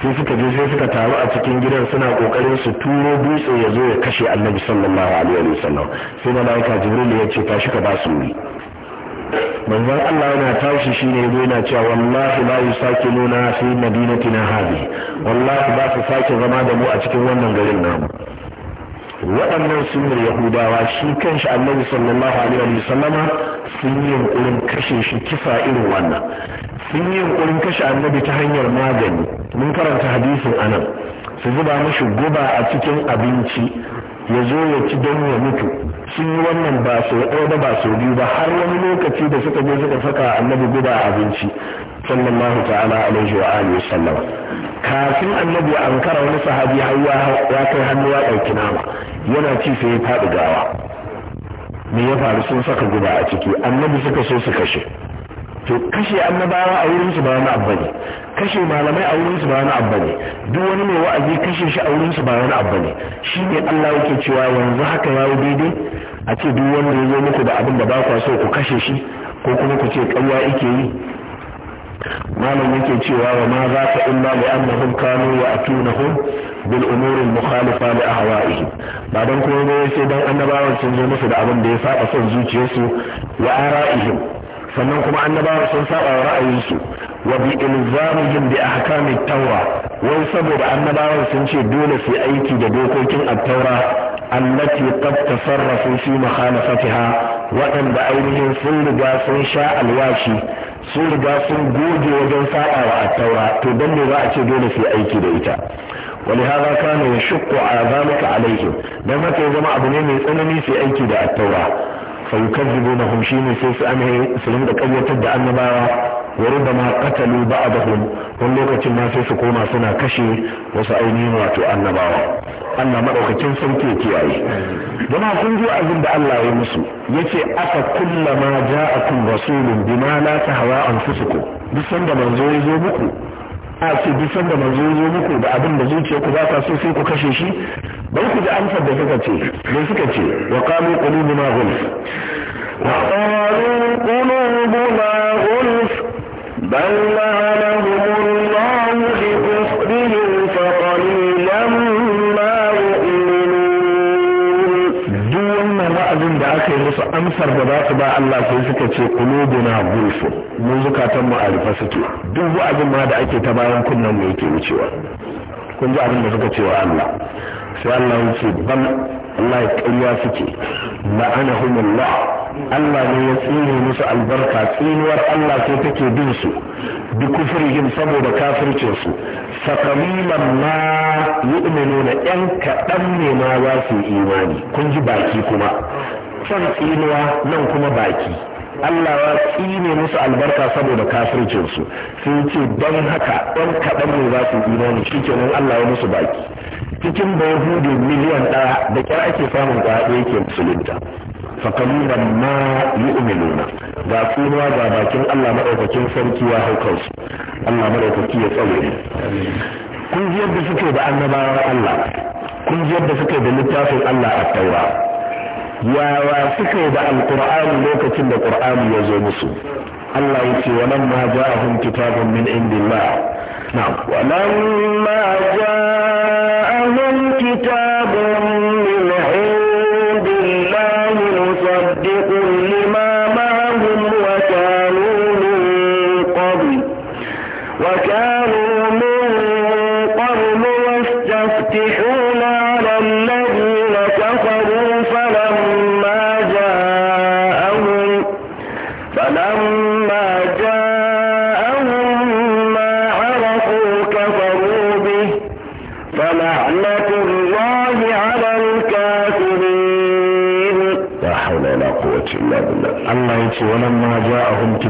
sai suka je sai suka taru a cikin gidan suna kokarin su turo dutse ya zo ya kashe annabi sallallahu alaihi wasallam sai malaika jibril ya ce tashi ka ba su wuri manzon Allah yana tashi shi ne zo yana cewa wallahi la yusakinuna fi madinatina hadi wallahi ba su sake zama da mu a cikin wannan garin namu waɗannan sunar yahudawa shi kanshi annabi sallallahu alaihi wa sallama sun yi yunkurin kashe shi kisa irin wannan sun yi yunkurin kashe annabi ta hanyar magani mun karanta hadisin anan su zuba mashi guba a cikin abinci ya zo ya ci don ya mutu sun yi wannan ba sau ɗaya ba ba sau biyu ba har wani lokaci da suka je suka saka annabi guba a abinci sallallahu ta'ala alaihi wa alihi sallama kafin annabi ya ankara wani sahabi hawa ya kai hannu ya ɗauki nama yana ci sai ya faɗi gawa me ya faru sun saka guba a ciki annabi suka so su kashe to kashe annabawa a wurin su ba wani abba ne kashe malamai a wurin su ba wani abba ne duk wani mai wa'azi kashe shi a wurin su ba wani abba ne ne Allah yake cewa yanzu haka ya yi daidai a ce duk wanda ya zo muku da abin da ba kwa so ku kashe shi ko kuma ku ce ƙarya yake yi malam yake cewa wa ma za ka illa li annahum kanu wa atunahum bil umuri al mukhalifa li ahwa'ihi ba dan kuma ne sai dan annabawan sun zo musu da abin da ya saba son zuciyarsu wa ara'ihim sannan kuma annabawa sun saba wa ra'ayinsu wa bi ilzamihim bi ahkami tawra wai saboda annabawan sun ce dole su aiki da dokokin at-taura allati qad tasarrafu fi mukhalafatiha waɗanda ainihin sun riga sun sha alwashi sun riga sun goge wajen saba wa at-taura to dan ne za a ce dole su aiki da ita ولهذا كان يشق ذلك عليهم لما كان جماعة بنين يسألني في أيكي دا التوراة fa yukazzibunahum ne sai su an su rinka ƙaryatar da annabawa wa rubama qatalu ba'dahum wani lokacin ma sai su koma suna kashe wasu ainihi wato annabawa Allah maɗaukacin sarki ya kiyaye jama'a kun ji abin da Allah ya yi musu ce aka kullama ja'akum rasulun bima la tahawa anfusukum duk sanda manzo ya zo muku a ce duk da manzo zo muku da abin da zuciya ku ba ta so sai ku kashe shi bai ku ji amsar da suka ce da suka ce wa qalu qulubuna ghulf wa qalu qulubuna ghulf bal la amsar da za su ba Allah sai suka ce kulubuna gulfu mu zukatan mu a rufe suke duk wa'azin ma da ake ta bayan kunnen mu yake wucewa kun ji abin da suka ce wa Allah sai Allah ya ce ban Allah ya kariya suke la'anahumullah Allah ne ya tsine musu albarka tsinuwar Allah sai take bin su bi kufrihim saboda kafircin su sakalilan ma yu'minuna yan kadan ne ma za su imani kun ji baki kuma can tsinuwa nan kuma baki Allah ya tsine musu albarka saboda kafircinsu sun ce don haka ɗan kaɗan ne za su imani shi kenan Allah ya musu baki cikin bayahudu miliyan ɗaya da kyar ake samun haɗe yake musulunta fakalilan ma umiluna ga kuma ga bakin Allah maɗaukakin sarki ya hau kansu Allah maɗaukaki ya tsare ne kun ji yadda suke da annabawan Allah kun ji yadda suke da littafin Allah a taura yawa suka yi da alkur'ani lokacin da qur'ani ya zo musu Allah ya ce walamma ja'ahum kitabun min indillah na'am walamma ja'ahum kitabun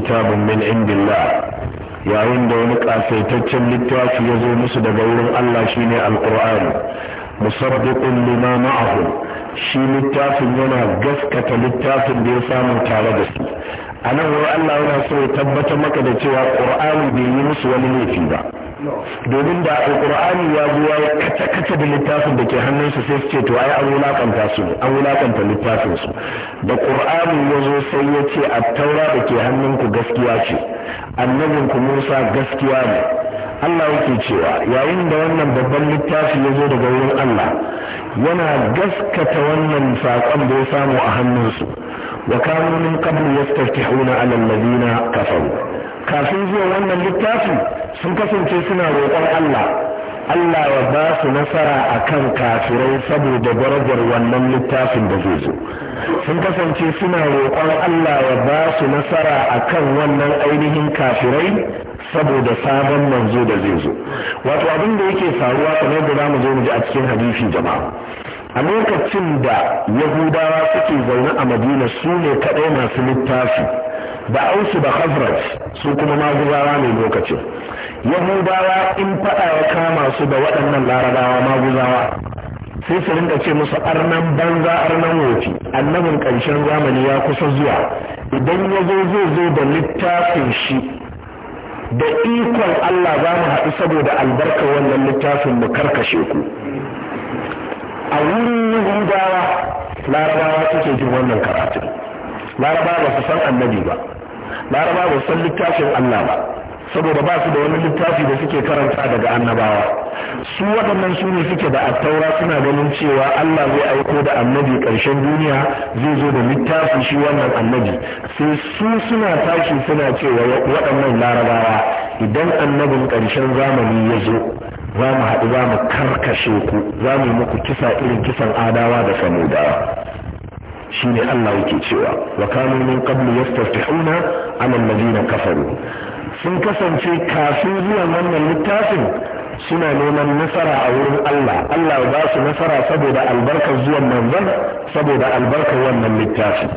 kitabun min indillah yayin da wani kasaitaccen littafi ya zo musu daga wurin Allah shine alqur'ani musaddiqun lima ma'ahu shi littafin yana gaskata littafin da ya samu tare da su a nan wurin Allah yana so ya tabbatar maka da cewa qur'ani bai yi musu wani laifi ba domin da alkur'ani ya zo ya kace kace da littafin da ke hannunsu sai su ce to ai an wulakanta su an wulakanta littafin su da qur'ani ya zo sai ya ce a taura da ke hannunku gaskiya ce ku Musa gaskiya ne Allah yake cewa yayin da wannan babban littafi ya zo daga wurin Allah yana gaskata wannan saƙon da ya samu a hannunsu wa kanu min qablu yastaftihuna ala alladhina kafaru kafin zuwa wannan littafi sun kasance suna roƙon Allah Allah ya ba su nasara a kan kafirai saboda darajar wannan littafin da zai zo sun kasance suna roƙon Allah ya ba su nasara a kan wannan ainihin kafirai saboda sabon manzo da zai zo wato abin da yake faruwa kamar da zamu zo mu ji a cikin hadisi jama'a a lokacin da yahudawa suke zaune a madina su ne kaɗai masu littafi da ausu da khazraj su kuma maguzawa ne lokacin yahudawa in faɗa ya kama su da waɗannan larabawa maguzawa sai su rinka ce musu arnan banza arnan wofi annabin ƙarshen zamani ya kusa zuwa idan ya zo zai zo da littafin shi da ikon Allah za mu haɗu saboda albarka wannan littafin mu karkashe ku a wurin yahudawa larabawa suke jin wannan karatu laraba ba su san annabi ba laraba ba san littafin Allah ba saboda ba su da wani littafi da suke karanta daga annabawa su waɗannan su ne suke da attaura suna ganin cewa Allah zai aiko da annabi ƙarshen duniya zai zo da littafi shi wannan annabi sai su suna tashi suna cewa waɗannan larabawa idan annabin ƙarshen zamani ya zo za mu haɗu za mu karkashe ku za mu muku kisa irin kisan adawa da samudawa shine Allah yake cewa wa kanu min qablu yastaftihuna ala alladhina kafaru sun kasance kafin zuwan wannan littafin suna neman nasara a wurin Allah Allah ba su nasara saboda albarkar zuwan manzon saboda albarkar wannan littafin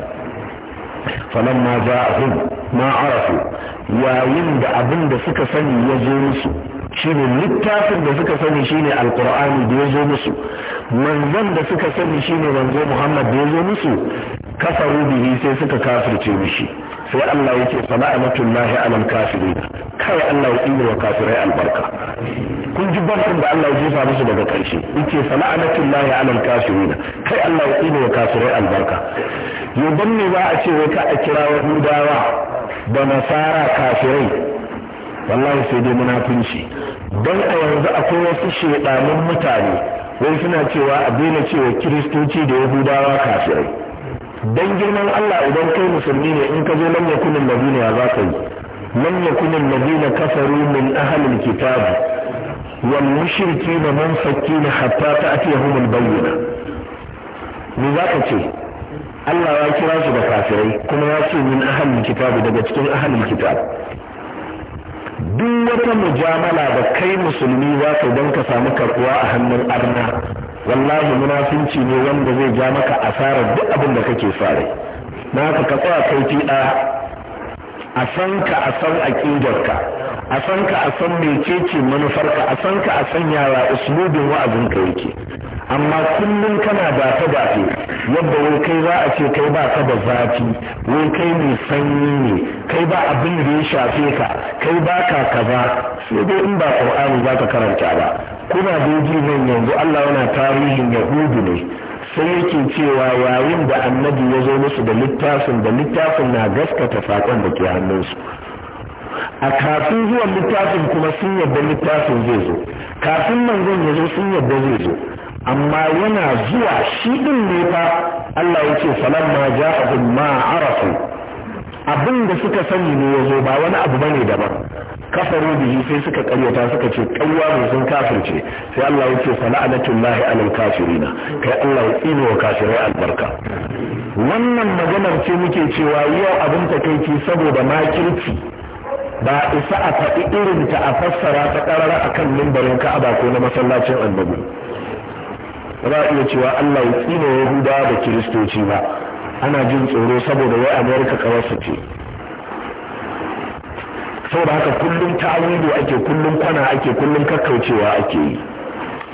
falamma za'ahum ma arafu yayin da abin da suka sani ya zo musu shine littafin da suka sani shine alqur'ani da yazo musu manzon da suka sani shine manzo Muhammad da yazo musu kafaru bihi sai suka kafirce mishi sai Allah yake sana'atullahi alal kafirin kai Allah ya wa kafirai albarka kun ji barkin da Allah ya jefa musu daga ƙarshe yake sana'atullahi alal kafirin kai Allah ya wa kafirai albarka yau dan ne za a ce wai ka a kira wa Hudawa da Nasara kafirai wallahi sai dai munafunci don a yanzu akwai wasu shedanun mutane wai suna cewa a daina cewa kiristoci da yahudawa kafirai dan girman Allah idan kai musulmi ne in ka zo nan yakunin madina ya za ka yi nan yakunin madina kafaru min ahlil kitab wal mushrikin munfakin hatta ta'tiyahum al bayyina me za ce Allah ya kira su da kafirai kuma ya ce min ahlil kitab daga cikin ahlil kitab duk wata mujamala da kai musulmi za ka don ka samu karɓuwa a hannun arna wallahi munafinci ne wanda zai ja maka asarar duk abin da kake fare na ka ka tsaya kai ti a san ka a san ka. a san ka a san mecece manufarka a san ka a san yara uslubin wa'azin ka yake amma kullum kana dafe dafe yadda wai kai za a ce kai ba ka da zafi wai kai mai sanyi ne kai ba abin da ya shafe ka kai ba ka kaza sai dai in ba qur'ani za ka karanta ba kuna ji nan yanzu Allah yana tarihin yahudu ne sai yake cewa yayin da annabi ya zo musu da littafin da littafin na gaskata sakon da ke hannunsu a kafin zuwan littafin kuma sun yadda littafin zai zo kafin manzon ya zo sun yadda zai zo amma yana zuwa shi din ne fa Allah ya ce falamma ja'ahum ma arafu abin da suka sani ne yazo ba wani abu bane daban kafaru bihi sai suka karyata suka ce kawwa ne sun kafirce sai Allah ya ce fala'anatullahi alal kafirina kai Allah ya tsine wa kafirai albarka wannan maganar ce muke cewa yau abin takaici saboda makirci ba isa a faɗi irinta a fassara ta ƙarara akan mimbarin ka'aba ko na masallacin annabi ba za a iya cewa Allah ya tsine Yahudawa da Kiristoci ba ana jin tsoro saboda wai Amerika su ce saboda haka kullum ta'awidu ake kullum kwana ake kullum kakkaucewa ake yi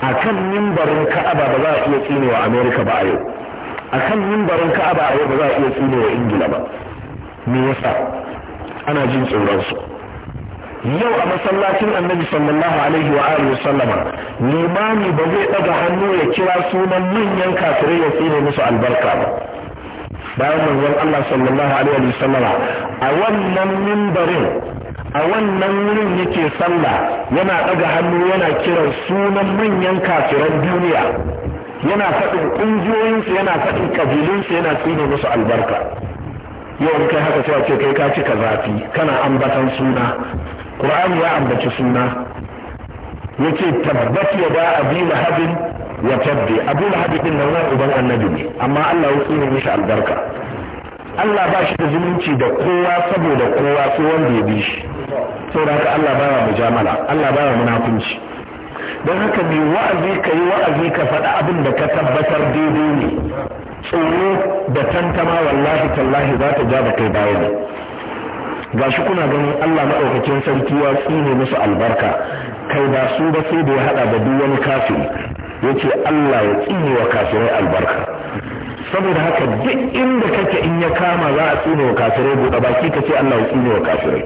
a kan mimbarin Ka'aba ba za a iya tsine wa Amerika ba a yau a kan mimbarin Ka'aba a yau ba za a iya tsine wa Ingila ba me yasa ana jin tsoron su yau a masallacin annabi sallallahu alaihi wa alihi sallama limami ba zai daga hannu ya kira sunan manyan kafirai ya tsine musu albarka ba bayan manzon Allah sallallahu alaihi wa sallama a wannan mimbarin a wannan wurin yake sallah yana daga hannu yana kiran sunan manyan kafiran duniya yana faɗin ƙungiyoyinsu yana faɗin ƙabilunsu yana tsine musu albarka yau kai haka sai ce kai ka cika zafi kana ambatan suna ƙur'ani ya ambaci suna ya ce tabbat ya da abi lahabin wa tabbi abu lahabin din nan uban annabi ne amma Allah ya tsine mishi albarka Allah ba shi da zumunci da kowa saboda kowa sai wanda ya bi shi saboda haka Allah baya mujamala Allah baya munafunci don haka mai wa'azi ka yi wa'azi ka faɗa abin da ka tabbatar daidai ne tsoro da tantama wallahi tallahi za ta ja da kai baya ne gashi kuna ganin Allah maɗaukakin sarki ya tsine musu albarka kai ba su ba sai da ya haɗa da duk wani kafiri yace Allah ya tsine wa kafirai albarka saboda haka duk inda kake in ya kama za a tsine wa kafirai buɗe baki ka ce Allah ya tsine wa kafirai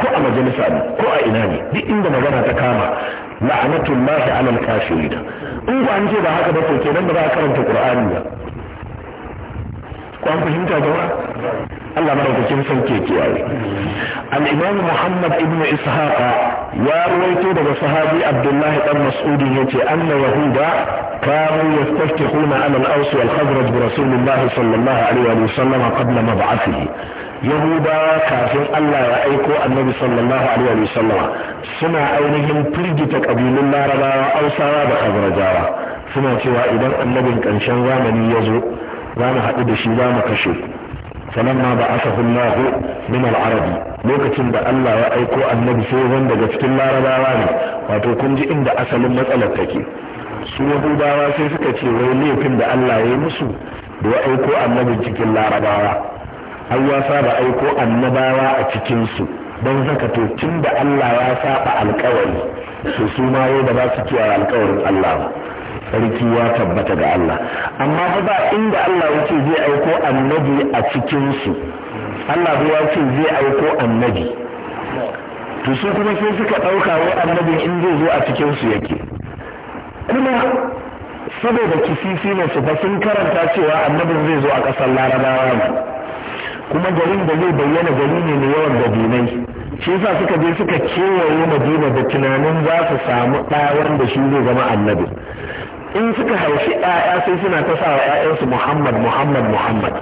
ko a majalisa ne ko a ina ne duk inda magana ta kama la'anatullahi alal kafirin in ku an ce ba haka ba to kenan ba za a karanta qur'ani ba ku an fahimta jama'a Allah madaukakin sarki ya kiyaye al-imam Muhammad ibn Ishaqa ya ruwaito daga sahabi Abdullah dan ya ce anna yahuda kanu yastaftihuna ala al-aws wal khazraj bi rasulillah sallallahu alaihi wa sallam qabla mab'athihi yahudawa kafin Allah ya aiko annabi sallallahu alaihi wa sallama suna ainihin firgita kabilun larabawa ausawa da khazrajawa suna cewa idan annabin ƙarshen zamani ya zo za mu haɗu da shi za mu kashe ku فلما بعثه الله من العرب lokacin da Allah ya aiko annabi sai zan daga cikin larabawa ne wato kun ji inda asalin matsalar take su yahudawa sai suka ce wai laifin da Allah ya yi musu da ya aiko annabi cikin larabawa har ya saba aiko annabawa a cikin su don haka tun da Allah ya saba alkawari to su ma yau da ba su kiyaye alkawarin Allah sarki ya tabbata ga Allah amma fa ba inda Allah yake zai aiko annabi a cikin su Allah ya ce zai aiko annabi to su kuma sai suka ɗauka wai annabin in zai zo a cikin su yake kuma saboda kisisi ne su ba sun karanta cewa annabin zai zo a ƙasar larabawa ne kuma garin da zai bayyana gari ne mai yawan dabinai shi yasa suka je suka kewaye madina da tunanin za su samu ɗa da shi zai zama annabi in suka haifi ‘ya'ya sai suna ta sa wa ‘ya'yansu Muhammad Muhammad Muhammad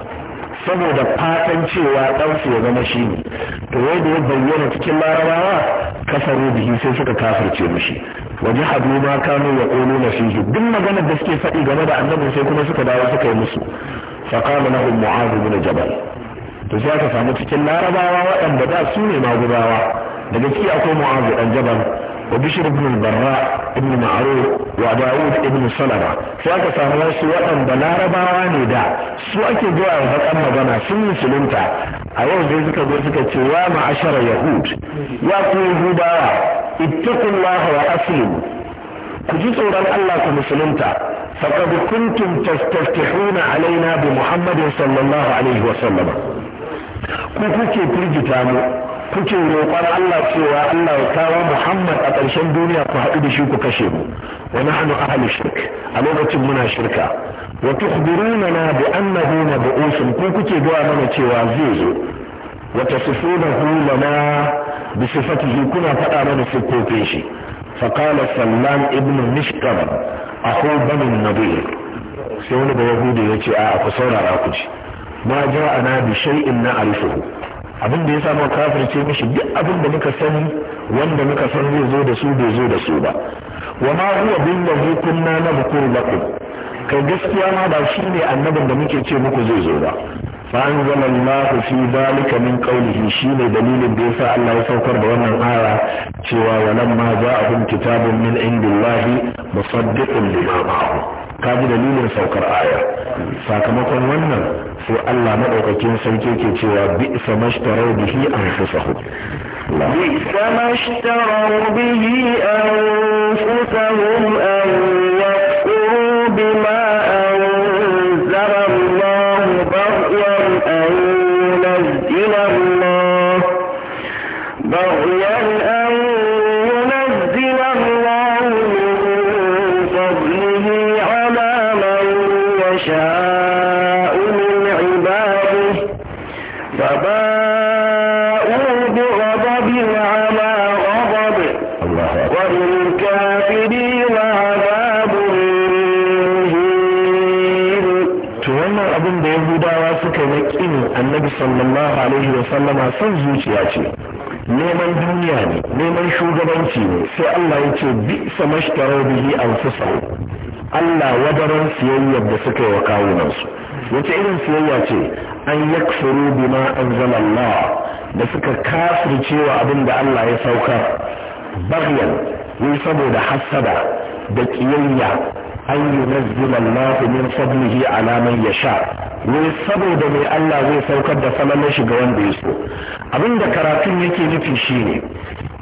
saboda fatan cewa ɗansu ya zama shi ne to wai da ya bayyana cikin larabawa kafaru bihi sai suka kafirce mishi waje hadu ma kano ya ƙolo na fihi duk maganar da suke faɗi game da annabin sai kuma suka dawo suka yi musu faƙama na mu'adu bin jabal to sai aka samu cikin larabawa waɗanda da su ne magudawa daga ciki akwai mu'azu ɗan jabal وبشر بن البراء بن معروف وداود بن سلمة سياك سامو سواء بلار باواني دا سواك جوا وفتن مغانا سن مسلمتا ايو زي زكا زي زكا تيوا معشر يهود يا كو يهودا اتقوا الله واسلموا كجي صورا الله كمسلمتا فقد كنتم تستفتحون علينا بمحمد صلى الله عليه وسلم ku kuke firgita mu kuke roƙon Allah cewa Allah ya kawo Muhammad a ƙarshen duniya ku haɗu da shi ku kashe mu wa nahnu ahli shirk a lokacin muna shirka wa na bi annahu mab'usun ku kuke gaya mana cewa zai zo wa tasifunahu lana bi sifatihi kuna faɗa mana siffofin shi فقال سلام ابن مشكم أخو بني النبي sai wani ba yahudi ya ce a ku saurara ku ji ma ja'ana bi shay'in na'rifuhu abin da ya samu kafirce mishi duk abin da muka sani wanda muka san zai zo da su bai zo da su ba wa ma huwa billazi kunna na lakum kai gaskiya ma ba shi ne annabin da muke ce muku zai zo ba fa anzala Allah fi zalika min shi shine dalilin da ya sa Allah ya saukar da wannan aya cewa walamma ja'ahum kitabun min indillahi musaddiqun lima ma'ahum kaji dalilin saukar aya sakamakon wannan sai Allah madaukakin sarki ke cewa bi samashtaru mashtarau bihi anfusahu bi samashtaru bihi anfusahum an Sallama son zuciya ce neman duniya ne neman shugabanci ne sai Allah ya ce bi samashtarau bihi anfusahum Allah wadaran siyayyar da suka yi wa kawunansu wace irin siyayya ce an yakfuru bima anzalallah da suka kafircewa abin da Allah ya saukar baghyan ne saboda hassada da kiyayya an yunazzila Allah min fadlihi ala man yasha ne saboda mai Allah zai saukar da falalar shi ga wanda ya so Abinda karatun yake nufi shine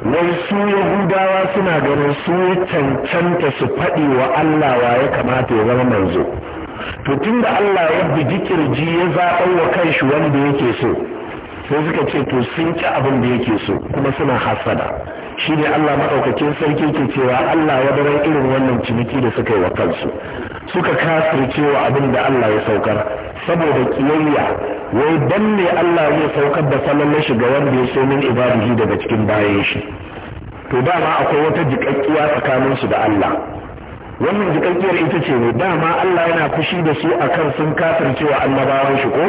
wai su yahudawa suna ganin su ya cancanta su faɗi wa Allah wa ya kamata ya zama manzo to tunda Allah ya bugi kirji ya zaɓar wa shi wanda yake so sai suka ce to sun ci abin da yake so kuma suna hasada shi ne Allah maɗaukakin sarki ke cewa Allah ya bar irin wannan ciniki da suka yi wa kansu suka cewa abin da Allah ya saukar saboda kiyayya wai dan Allah zai saukar da salon shi ga wanda ya so min ibadihi daga cikin bayan shi to dama akwai wata jikakkiya tsakanin su da Allah wannan jikakkiyar ita ce ne dama Allah yana fushi da su akan sun kafircewa annabawan shi ko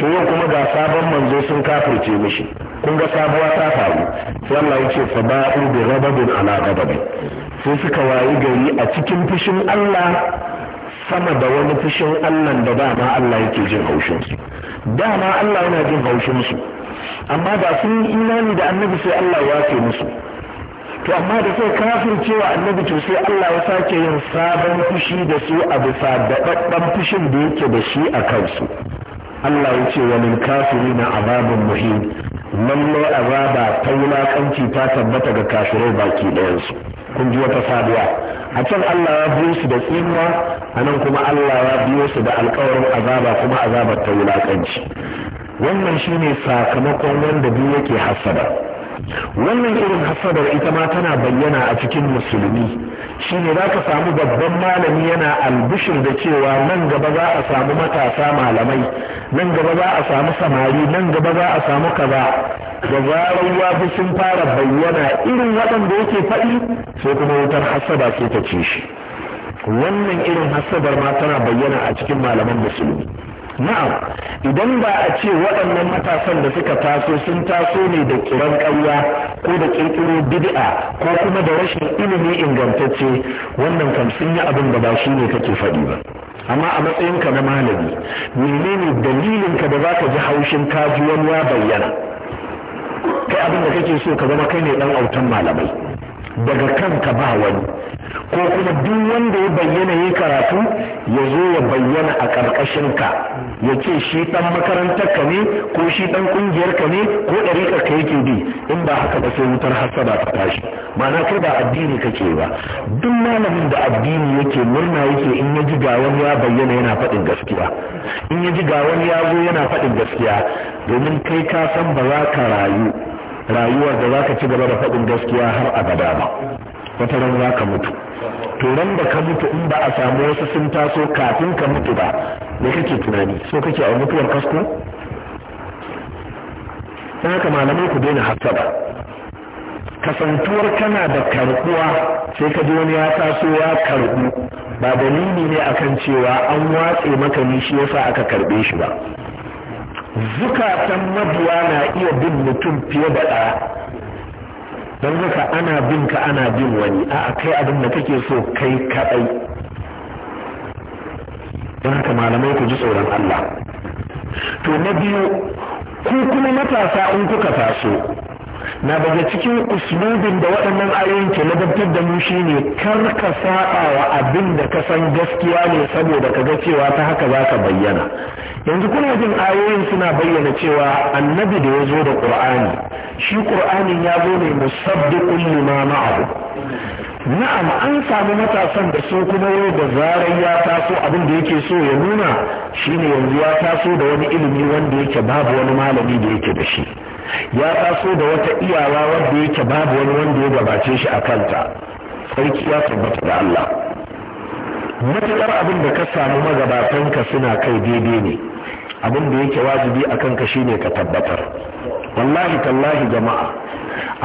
to yau kuma ga sabon manzo sun kafirce mishi kun ga sabuwa ta faru sai Allah ya ce fa ba'u bi ghadabin ala gadabi sai suka wayi gari a cikin fushin Allah sama da wani fushin Allah da dama Allah yake jin haushinsu dama Allah yana jin haushinsu amma ba sun yi imani da annabi sai Allah ya ce musu to amma da sai kafin cewa annabi to sai Allah ya sake yin sabon fushi da su a bisa daɗaɗɗen fushin da yake da shi a kansu Allah ya ce wa lil kafirina azabun muhim lalle azaba ta wulakanci ta tabbata ga kafirai baki ɗayansu kun ji wata sabuwa a can Allah ya biyo su da tsinuwa a nan kuma Allah ya biyo su da alkawarin azaba kuma azabar ta wulakanci wannan shine sakamakon wanda biyu yake hasada wannan irin hasadar ita ma tana bayyana a cikin musulmi ne za ka samu babban malami yana albishir da cewa nan gaba za a samu matasa malamai nan gaba za a samu samari nan gaba za a samu kaza da zarar fi sun fara bayyana irin waɗanda yake faɗi sai kuma wutar hassaba ke ta ce shi wannan irin hassabar ma tana bayyana a cikin malaman musulmi na'am idan ba a ce waɗannan matasan da suka taso sun taso ne da kiran ƙarya ko da ƙirƙiro bid'a ko kuma da rashin ilimi ingantacce wannan kam sun yi abin da ba shi ne kake faɗi ba amma a matsayinka na malami menene dalilinka da za ka ji haushin kaji ya bayyana kai abin da kake so ka zama kai ne ɗan autan malamai daga kanka ba wani ko kuma duk wanda ya bayyana ya karatu ya zo ya bayyana a ƙarƙashin ka ya ce shi ɗan makarantar ka ne ko shi ɗan ƙungiyar ka ne ko ɗariƙar ka yake bi in ba haka ba sai wutar hasada ta tashi ma'ana kai ba addini kake ba duk malamin da addini yake murna yake in ya ji ga wani ya bayyana yana faɗin gaskiya in ya ji ga wani ya zo yana faɗin gaskiya domin kai ka san ba za ka rayu rayuwar da za ka ci gaba da faɗin gaskiya har abada ba wata ran za ka mutu to ran da ka mutu in ba a samu wasu sun taso kafin ka mutu ba me kake tunani so kake a mutuwar kasko don haka malamai ku daina hasaba kasantuwar kana da karbuwa sai ka ji wani ya taso ya karbu ba dalili ne akan cewa an watse maka ni shi yasa aka karbe shi ba zukatan mabiya na iya bin mutum fiye da ɗaya don haka ana bin ka ana bin wani a kai abin da kake so kai kaɗai, don haka malamai ku ji tsoron Allah to na biyu ku kuma matasa in kuka taso na daga cikin uslubin da waɗannan ayoyin ke ladabtar da mu shi ne kar ka saɓa wa abin da ka san gaskiya ne saboda ka ga cewa ta haka za ka bayyana yanzu kuna jin ayoyin suna bayyana cewa annabi da ya zo da ƙur'ani shi ƙur'ani ya zo ne musabbiƙun lima ma'ahu na'am an samu matasan da su kuma yau da zarar ya taso abin da yake so ya nuna shine yanzu ya taso da wani ilimi wanda yake babu wani malami da yake da shi ya taso da wata iyawa wanda yake babu wani wanda ya gabace shi a kanta sarki ya tabbata da Allah matuƙar abin da ka samu magabatanka suna kai daidai ne abin da yake wajibi a kanka shine ka tabbatar wallahi tallahi jama'a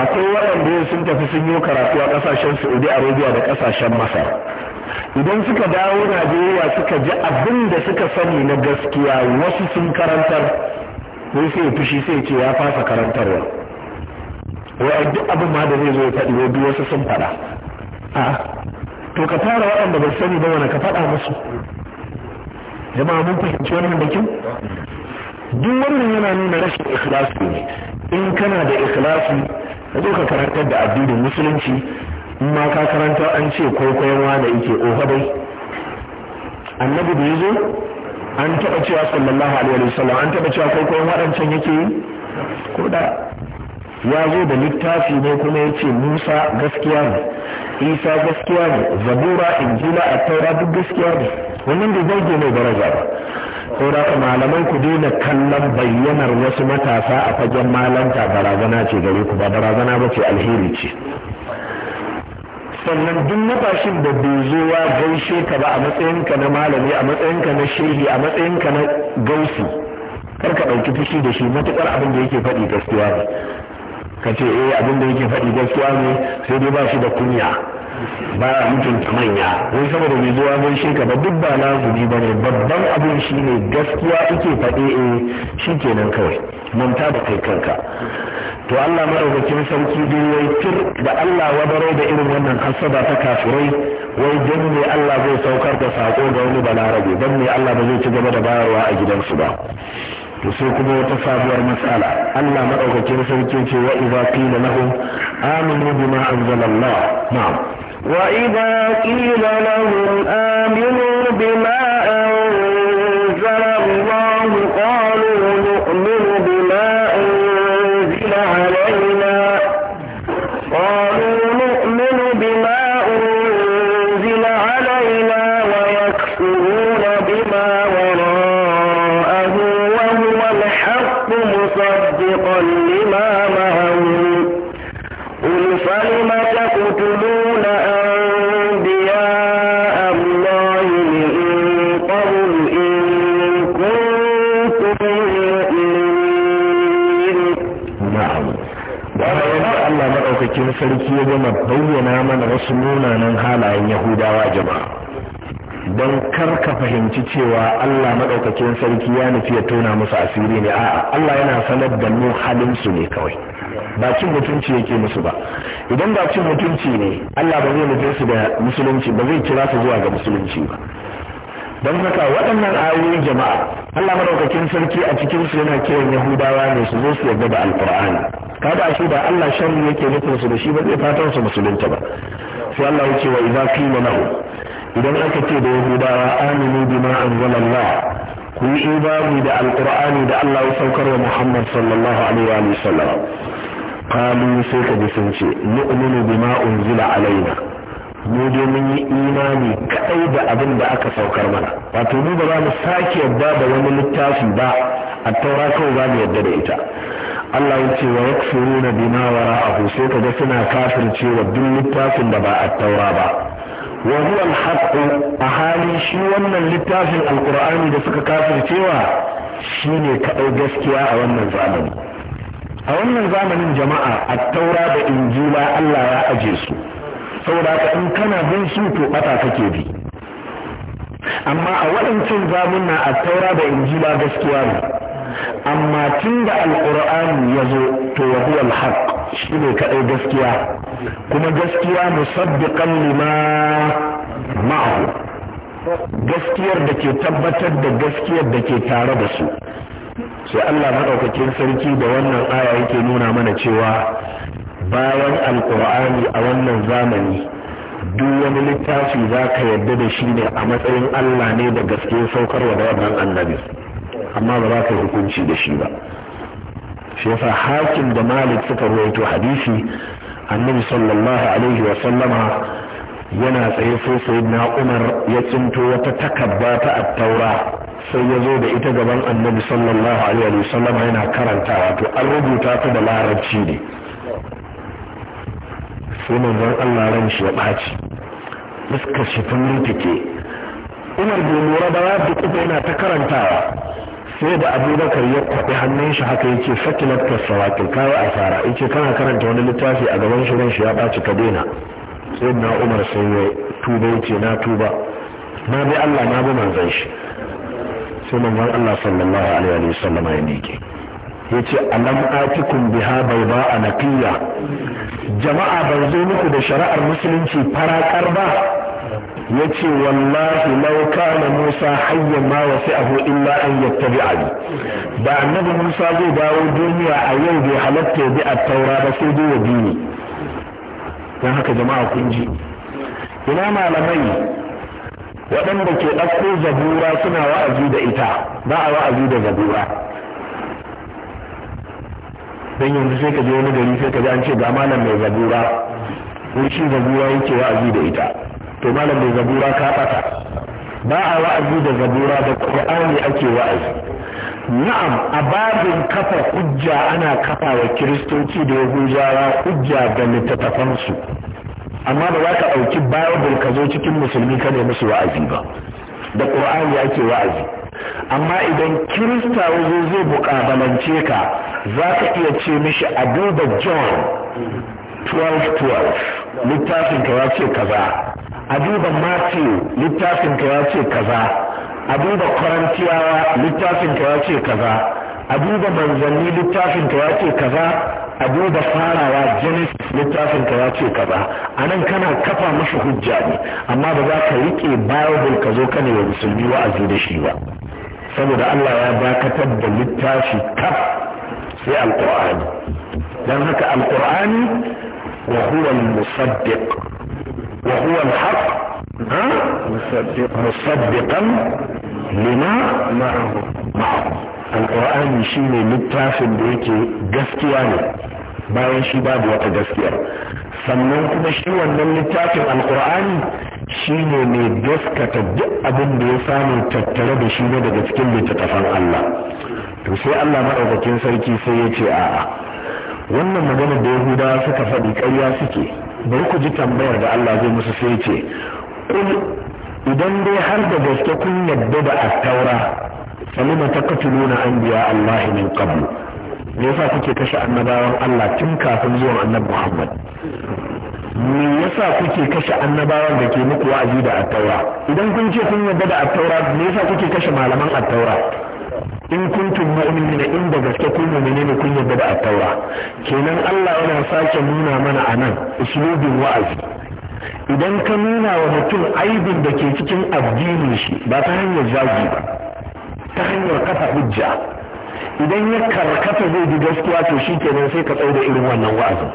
akwai waɗanda sun tafi sun yi karatu a ƙasashen saudi arabia da ƙasashen masar idan suka dawo najeriya suka ji abin da suka sani na gaskiya wasu sun karantar Sai sai fushi sai ce ya fasa karantarwa wa duk abin ma da zai zo ya faɗi wa biyu wasu sun faɗa a to ka fara waɗanda ba sani ba wani ka faɗa musu jama'a mun fahimci wannan bakin duk wannan yana nuna rashin ikhlasi ne in kana da ikhlasi ka zo ka karantar da addinin musulunci in ma ka karantar an ce kwaikwayon da yake ohadai annabi da ya zo an taɓa cewa sallallahu alaihi wa sallam an taɓa cewa kai kwaikwayon waɗancan yake yi ko da ya zo da littafi ne kuma ya ce musa gaskiya ne isa gaskiya ne zabura injila a taura duk gaskiya ne wannan zai zage mai daraja ba ko da ka malaman ku daina kallon bayyanar wasu matasa a fagen malanta barazana ce gare ku ba barazana ba ce alheri ce sannan duk matashin da bai zo ya gaishe ka ba a matsayinka na malami a matsayinka na shehi a matsayinka na gausi kar ka ɗauki fushi da shi matuƙar abin da yake faɗi gaskiya ne ka ce eh abin da yake faɗi gaskiya ne sai dai ba shi da kunya baya mutunta manya wai saboda mai zuwa mun shi ba duk ba na zubi ba ne babban abin shi ne gaskiya ake faɗe eh, shi kenan kawai manta da kai kanka to Allah madaukakin sarki dai wai tur da Allah wadaro da irin wannan hasada ta kafirai wai dan ne Allah zai saukar da sako ga wani balarabe dan ne Allah ba zai ci gaba da bayarwa a gidansu ba to sai kuma wata sabuwar matsala Allah madaukakin sarki ce wa idza qila lahum aminu bima anzalallah na'am وإذا قيل لهم آمنوا fahimci munanan halayen yahudawa jama'a don kar ka fahimci cewa allah maɗaukakin sarki ya nufi ya tona musu asiri ne a'a allah yana sanar da mu su ne kawai ba cin mutunci yake musu ba idan ba cin mutunci ne allah ba zai nufi su da musulunci ba zai kira su zuwa ga musulunci ba don haka waɗannan ayoyin jama'a Allah madaukakin sarki a cikin su yana kiran Yahudawa ne su zo su yarda da Alƙur'ani a shi da Allah sharri yake nufin su da shi ba zai fatan su musulunta ba sai Allah ya ce wa idza qila lahu idan aka ce da yahudawa aminu bima anzalallah ku yi imani da alqur'ani da Allah ya saukar wa Muhammad sallallahu alaihi wa sallam qalu sai ka ji sun ce nu'minu bima unzila alaina mu dai mun yi imani kadai da abin da aka saukar mana wato mu ba za mu sake yadda da wani littafi ba a taura kawai za mu yadda da ita Allah ya ce wa yakfuruna bima wara'ahu sai kaga suna kafircewa duk littafin da ba a taura ba wa huwa a hali shi wannan littafin Alƙur'ani da suka kafircewa shine kaɗau gaskiya a wannan zamani a wannan zamanin jama'a a taura da injila Allah ya aje su saboda ka in kana bin su to bata kake bi amma a waɗancan zamuna a taura da injila gaskiya ne amma tun da alqur'ani ya zo to wa huwa alhaq shi ne gaskiya kuma gaskiya musaddiqan lima ma'ahu gaskiyar da ke tabbatar da gaskiyar da ke tare da su sai Allah madaukakin sarki da wannan aya yake nuna mana cewa bayan alkur'ani a wannan zamani duk wani littafi za ka yarda da shi ne a matsayin Allah ne da gaske saukarwa da wannan annabi amma ba za ka yi hukunci da shi ba shi yasa hakim da malik suka ruwaito hadisi annabi sallallahu alaihi wa sallama yana tsaye sai na umar ya tsinto wata takabba ta attaura sai ya zo da ita gaban annabi sallallahu alaihi wa sallama yana karantawa to an rubuta ta da larabci ne sai manzon Allah ran shi ya ɓaci fuskar shi tun ke umar bai lura ba ya fi yana ta karantawa sai da abubakar ya kwaɓi hannun shi haka yake fakilar tasawakil kawai asara yake kana karanta wani littafi a gaban shi shi ya ɓaci ka daina sai na umar sai ya tuba yace na tuba na bi allah na bi manzan shi sai manzon allah sallallahu alaihi wa sallama ya miƙe yace alam atikum biha a nafiya. jama'a ban zo muku da shari'ar musulunci farakar ba ya ce wallahi lau kana musa hayyan ma wasu abu illa an yattabi ali da annabi musa zai dawo duniya a yau bai halatta ya bi a taura ba sai dai ya bi ni don haka jama'a kun ji ina malamai waɗanda ke ɗauko zabura suna wa'azi da ita ba a wa'azi da zabura don yanzu sai ka je wani gari sai ka ji an ce ga malam mai zabura ko shi zabura yake wa'azi da ita to malam mai zabura ka bata ba a wa'azi da zabura da qur'ani ake wa'azi na'am a babin kafa hujja ana kafa wa kiristoci da yahudawa hujja da littattafansu amma ba za ka ɗauki bible ka zo cikin musulmi ka ne musu wa'azi ba da qur'ani ake wa'azi amma idan kirista wazo zai buƙabalance ka za ka iya ce mishi a duba john 12-12 littafin ka ya ce kaza a duba matthew littafin ka ya ce kaza a duba korintiyawa littafin ka ya ce kaza a duba manzanni littafin ka ya ce kaza a farawa genesis littafin ka ya ce kaza a nan kana kafa mashi hujja ne amma ba za ka riƙe bible ka zo kane wa musulmi wa'azi da shi ba saboda allah ya dakatar da littafi kaf sai alƙur'ani Dan haka alƙur'ani wa huwa musaddiq وهو الحق مصدقا لما معه alƙur'ani shi ne littafin da yake gaskiya ne bayan shi babu wata gaskiya sannan kuma shi wannan littafin alƙur'ani shi ne mai gaskata duk abin da ya samu tattare da shi ne daga cikin littattafan Allah to sai Allah maɗaukakin sarki sai ya ce a'a wannan maganar da yahudawa suka faɗi ƙarya suke bari ku ji tambayar da Allah zai musu sai ce kun idan dai har da gaske kun yadda da attaura salima ta taqtuluna anbiya Allah min qablu me yasa kuke kashe annabawan Allah tun kafin zuwan annabi Muhammad me yasa kuke kashe annabawan da ke muku wa'azi da attaura idan kun ce kun yadda da attaura me yasa kuke kashe malaman attaura in kuntum mu'minina in da gaske ku mu'mini ne kun yarda da at kenan Allah yana sake nuna mana anan uslubin wa'azi idan ka nuna wa mutum aibin da ke cikin addinin shi ba ta hanyar zagi ba ta hanyar kafa hujja idan ya karkata zai ji gaskiya to shi ke kenan sai ka tsaye da irin wannan wa'azin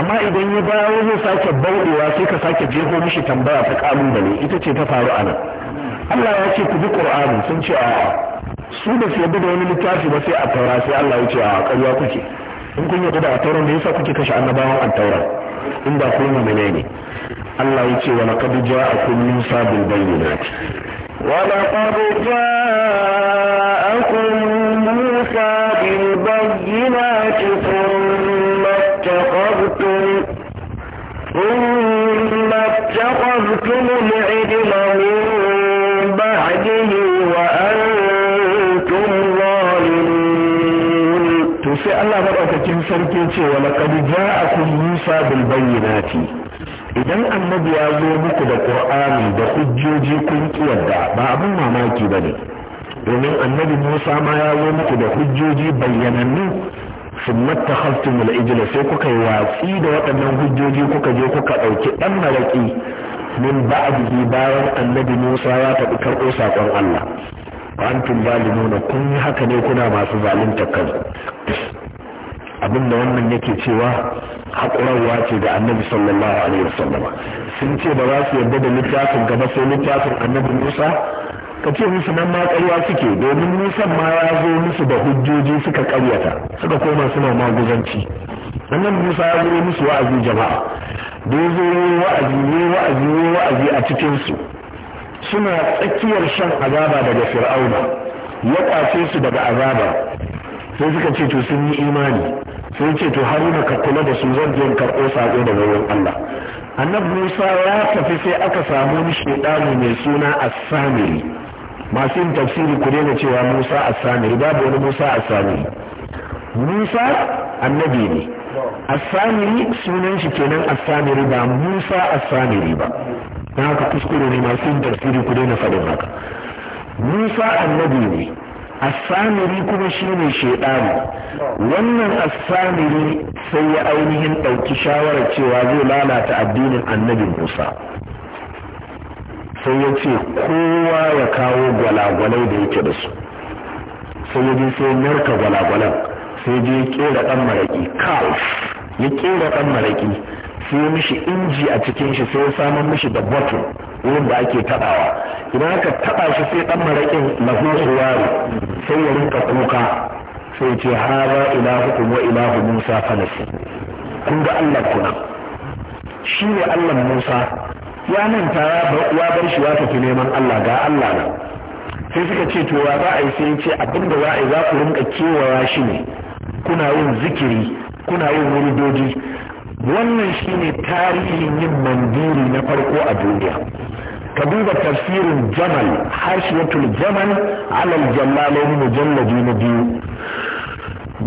amma idan ya dawo zai sake bauɗewa sai ka sake jeho mishi tambaya ta kalubale ita ce ta faru a nan Allah ya ce ku bi Qur'ani sun ce a'a su da su yadda da wani littafi ba sai a taura sai Allah ya ce a ƙarya kuke in kun yi da a taura da yasa kuke kashe annabawan a taura in ba ku mu'mine ne Allah ya ce wa laqad ja'akum Musa bil bayyinat wa laqad ja'akum Musa bil bayyinat thumma اتخذتم ثم اتخذتم العلم sarki ce wa laqad ja'akum Musa bil bayyinati idan annabi ya zo muku da Qur'ani da hujjoji kun kiyarda ba abin mamaki bane domin annabi Musa ma ya zo muku da hujjoji bayyanannu summa takhaftumul ijla sai kuka yi watsi da waɗannan hujjoji kuka je kuka ɗauki ɗan maraƙi min ba'dihi bayan annabi Musa ya tafi karɓo saƙon Allah wa antum zalimuna kun yi haka ne kuna masu zalunta kanku abinda wannan yake cewa haƙurarwa ce da annabi sallallahu alaihi wasallam sun ce ba za su yarda da littafin gaba sai littafin annabi musa ka ce musu nan ma ƙarya suke domin musan ma ya zo musu da hujjoji suka ƙaryata suka koma suna maguzanci wannan musa ya zo musu wa'azi jama'a da ya zo wa'azi ne wa'azi ne wa'azi a cikinsu suna tsakiyar shan azaba daga fir'auna ya kwace su daga azaba sai suka ce to sun yi imani sai ce to har ka kula da su zan biyan karɓo saƙo da wurin Allah annabi Musa ya tafi sai aka samu wani shedani mai suna As-Samiri masu yin tafsiri ku daina cewa Musa As-Samiri babu wani Musa As-Samiri Musa annabi ne As-Samiri sunan shi kenan As-Samiri ba Musa As-Samiri ba don haka kuskure ne masu yin tafsiri ku daina faɗin haka Musa annabi ne asamiri kuma shi ne shaidani wannan asamiri sai ya ainihin ɗauki shawarar cewa zai lalata addinin annabin musa sai ya ce kowa ya kawo gwalagwalai da yake da su sai ya je sai narka gwalagwalan sai je kera ɗan maraƙi cows ya kera ɗan maraƙi sai ya mishi inji a cikin shi sai ya samar mishi da bottle wurin da ake taɓawa, idan aka taɓa shi sai dan marakin lahu suwaru sai ya rinka kuka sai ce haza ilahukum wa ilahu musa falasi kun ga Allah kuna shi ne Allah musa ya manta ya bar shi ya tafi neman Allah ga Allah nan sai suka ce to ya za a yi sai ce abinda za a yi za ku rinka kewaya shi ne kuna yin zikiri kuna yin wuridoji wannan shine tarihin yin mandiri na farko a duniya ka duba tafsirin jamal hashiyatul jamal alal jallalai mujalladi na biyu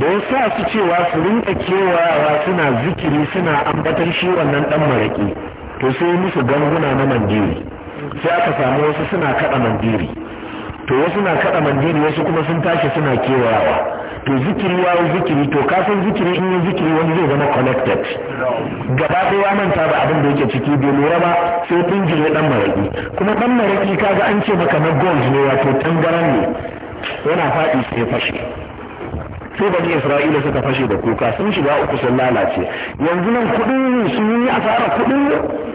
da sa su cewa su rinka kewayawa suna zikiri suna ambatan shi wannan dan maraƙi to sai musu ganguna na mandiri sai aka samu wasu suna kaɗa mandiri to wasu na kaɗa mandiri wasu kuma sun tashi suna kewayawa to zikiri ya yi zikiri to kafin zikiri in yi zikiri wani zai zama connected gaba ɗaya ya manta da abin da yake ciki bai lura ba sai tun jire dan maraƙi. kuma dan maraki kaga an ce maka na gold ne wato tangaran ne yana faɗi sai fashe sai bani isra'ila suka fashe da kuka sun shiga uku sun lalace yanzu nan kuɗin sun yi asara kuɗin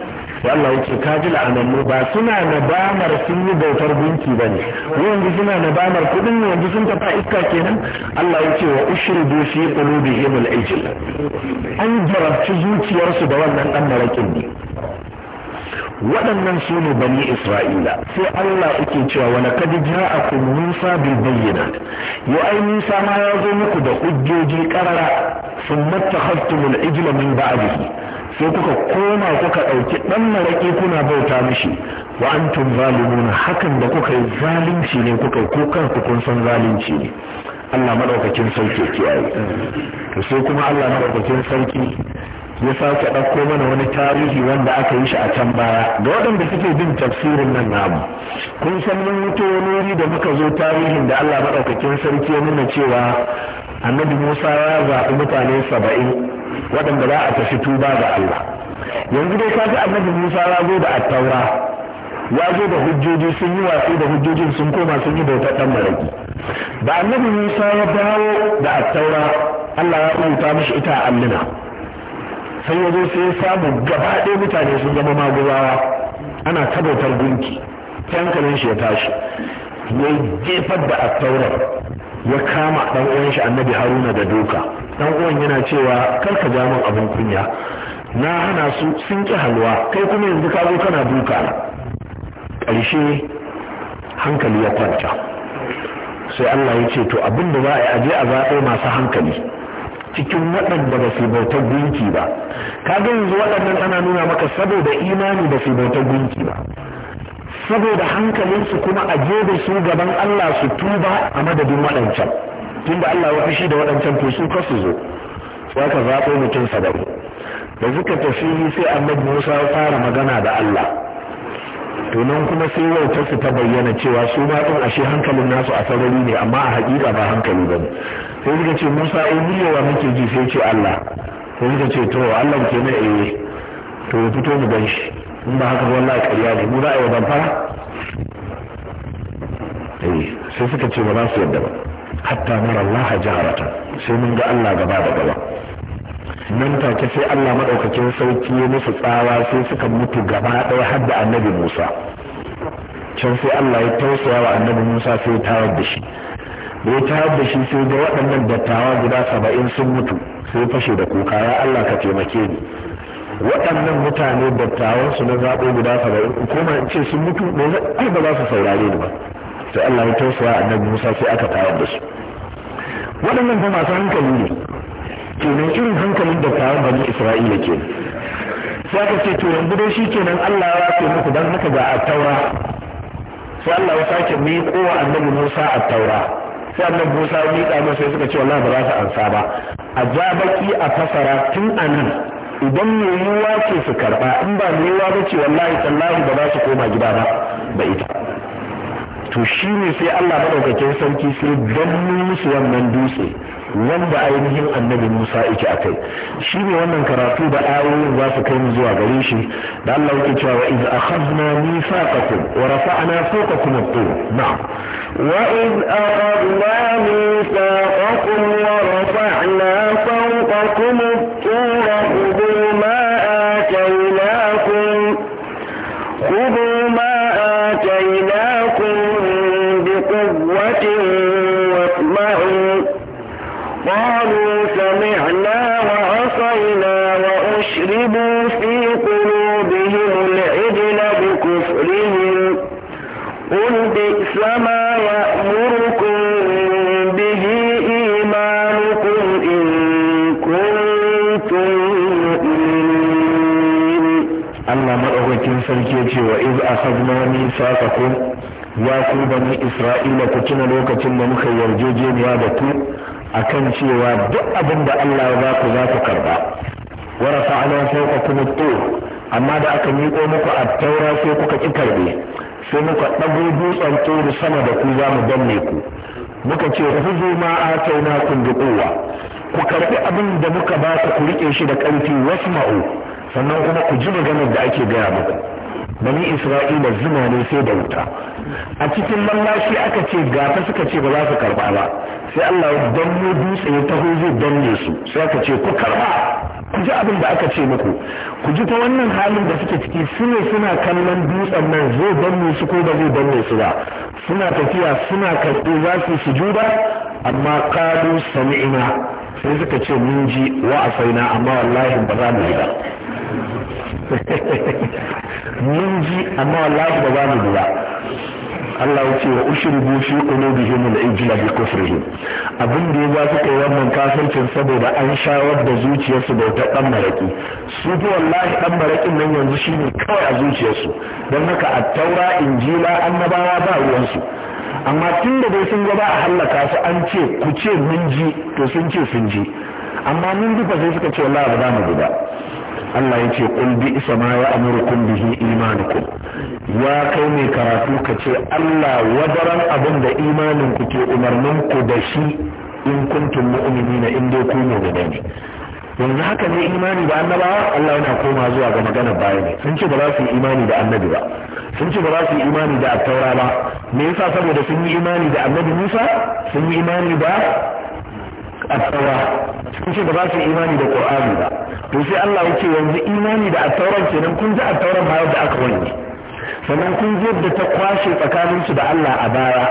sai Allah ya ka ji la'anannu ba suna nadamar sun yi bautar gunki ba ne yanzu suna nadamar kuɗin ne yanzu sun tafa iska kenan Allah ya ce wa ushridu fi qulubihim al-ijl an jarabci zuciyarsu da wannan dan marakin ne waɗannan su ne bani isra'ila sai allah yake cewa wani kadi ja'akum musa bil bayyana ai musa ma ya zo muku da hujjoji karara sun mattakhastumul ijla min ba'dihi sai kuka koma kuka ɗauki ɗan maraƙi kuna bauta mishi wa tun zalimuna hakan da kuka yi zalunci ne kuka yi kukan ku kun san zalunci ne Allah maɗaukakin sarki kiyaye to sai kuma Allah maɗaukakin sarki ya sake ɗauko mana wani tarihi wanda aka yi shi a can baya ga waɗanda suke bin tafsirin nan namu kun san mun wuce wani wuri da muka zo tarihin da Allah maɗaukakin sarki ya nuna cewa annabi Musa ya zaɓi mutane saba'in waɗanda za a tafi tuba ga Allah yanzu dai kaji annabi Musa ya zo da attaura ya zo da hujjoji sun yi watsi da hujjojin sun koma sun yi bautar dan maraki da annabi Musa ya dawo da attaura Allah ya rubuta mishi ita a allina sai ya zo sai ya samu gaba ɗaya mutane sun zama maguzawa ana tabautar gunki sai hankalin shi ya tashi ya jefar da attaurar ya kama dan uwan shi annabi haruna da doka dan uwan yana cewa kar ka ja min abin kunya na hana su sun ki halwa kai kuma yanzu ka zo kana duka ƙarshe hankali ya kwanta sai Allah ya ce to abin da za a yi aje a zaɓe masu hankali cikin waɗanda ba su bautar gunki ba ka ga yanzu waɗannan ana nuna maka saboda imani ba su bautar gunki ba saboda hankalinsu kuma a jebe su gaban Allah su tuba a madadin waɗancan tunda Allah ya fushi da waɗancan to su ka su zo sai ka zaɓo mutum sabai da suka tafi sai annabi Musa ya fara magana da Allah to nan kuma sai wauta su ta bayyana cewa su ma din ashe hankalin nasu a sarari ne amma a haƙiƙa ba hankali ba ne sai suka ce Musa ai eh, miliyawa muke ji sai ce Allah sai suka ce to Allah ke mai eh to ya fito mu gan shi in ba haka wallahi ƙarya ne mu za a yi fara. Eh, sai suka ce ba za su yadda ba hatta mara Allah jaharata sai mun ga Allah gaba da gaba nan take sai Allah madaukakin sauki ya musu tsawa sai suka mutu gaba ɗaya har da annabi Musa can sai Allah ya tausaya wa annabi Musa sai ya tawar da shi da ya tawar da shi sai da waɗannan dattawa guda saba'in sun mutu sai fashe da kuka ya Allah ka taimake ni waɗannan mutane dattawansu na zaɓo guda saba'in ko koma ce sun mutu ne ai ba za su saurare ni ba sai Allah ya tausaya annabi Musa sai aka tayar da su waɗannan fa masu hankali ne Ke kenan irin hankalin dattawan bani Isra'ila ke sai aka ce to yanzu dai shikenan Allah ya ce muku dan haka ga attaura sai Allah ya sake miƙo kowa annabi Musa attaura sai annabi Musa ya miƙa masa sai suka ce wallahi ba za su ansa ba a ja baki a fasara tun anan idan mai yiwuwa ce su karba in ba mai yiwuwa ba ce wallahi tallahi ba za su koma gida ba da ita to shi ne sai Allah madaukakin sarki sai dannu musu wannan dutse wanda ainihin annabi Musa yake a kai shi ne wannan karatu da ayoyin za su kai mu zuwa gare shi da Allah yake cewa wa iz akhadna mithaqakum wa rafa'na fawqakum at-tur na'am wa iz akhadna mithaqakum wa rafa'na sarki ya ce wa iz akhadna mithaqakum ya ku bani isra'ila ku tuna lokacin da muka yarjejeniya da ku akan cewa duk abin da Allah ya baku za ku karba wa rafa'na fawqakum at amma da aka miƙo muku a taura sai kuka ki karbe sai muka dago dutsen turu sama da ku za mu danne ku muka ce huzu ma ataina kun bi quwwa ku karbi abin da muka ba ku rike shi da ƙarfi wasma'u sannan kuma ku ji maganar da ake gaya muku bani isra'ila zina ne sai da wuta a cikin mallashi aka ce gafa suka ce ba za su karba ba sai Allah ya danne dutse ya taho zai danne su sai aka ce ku karba ku ji abin da aka ce muku ku ji ta wannan halin da suke ciki sune suna kallon dutsen nan zai danne su ko ba zai danne su ba suna tafiya suna karɓe za su sujuda amma qalu ina sai suka ce mun ji wa na amma wallahi ba za mu yi ba mun ji amma wallahi ba za mu Allah ya ce wa ushribu fi qulubihim al ijla bi kufrihim abin da ya suka yi wannan kafircin saboda an shawar da zuciyarsu ta dan maraki su fi wallahi dan marakin nan yanzu shine kawai a zuciyarsu dan haka at-taura injila annabawa ba ruwansu amma tun da sun ga ba a hallaka su an ce ku ce mun ji to sun ce sun ji amma mun duka sai suka ce wallahi ba za mu ba Allah ya ce qul bi isma ya amurukum bihi imanukum ya kai mai karatu ka ce Allah wadaran abin da imanin ku ke umarnin ku da shi in kuntum mu'minina in dai ku ne yanzu haka ne imani da annabawa Allah yana koma zuwa ga magana baya ne sun ce ba za su yi imani da annabi ba sun ce ba za su yi imani da attaura ba me yasa saboda sun yi imani da annabi Musa sun yi imani da attaura sun ce ba su imani da qur'ani ba to sai Allah ya ce yanzu imani da attauran kenan kun ji attauran ba yadda aka wani sannan kun ji yadda ta kwashe tsakanin su da Allah a baya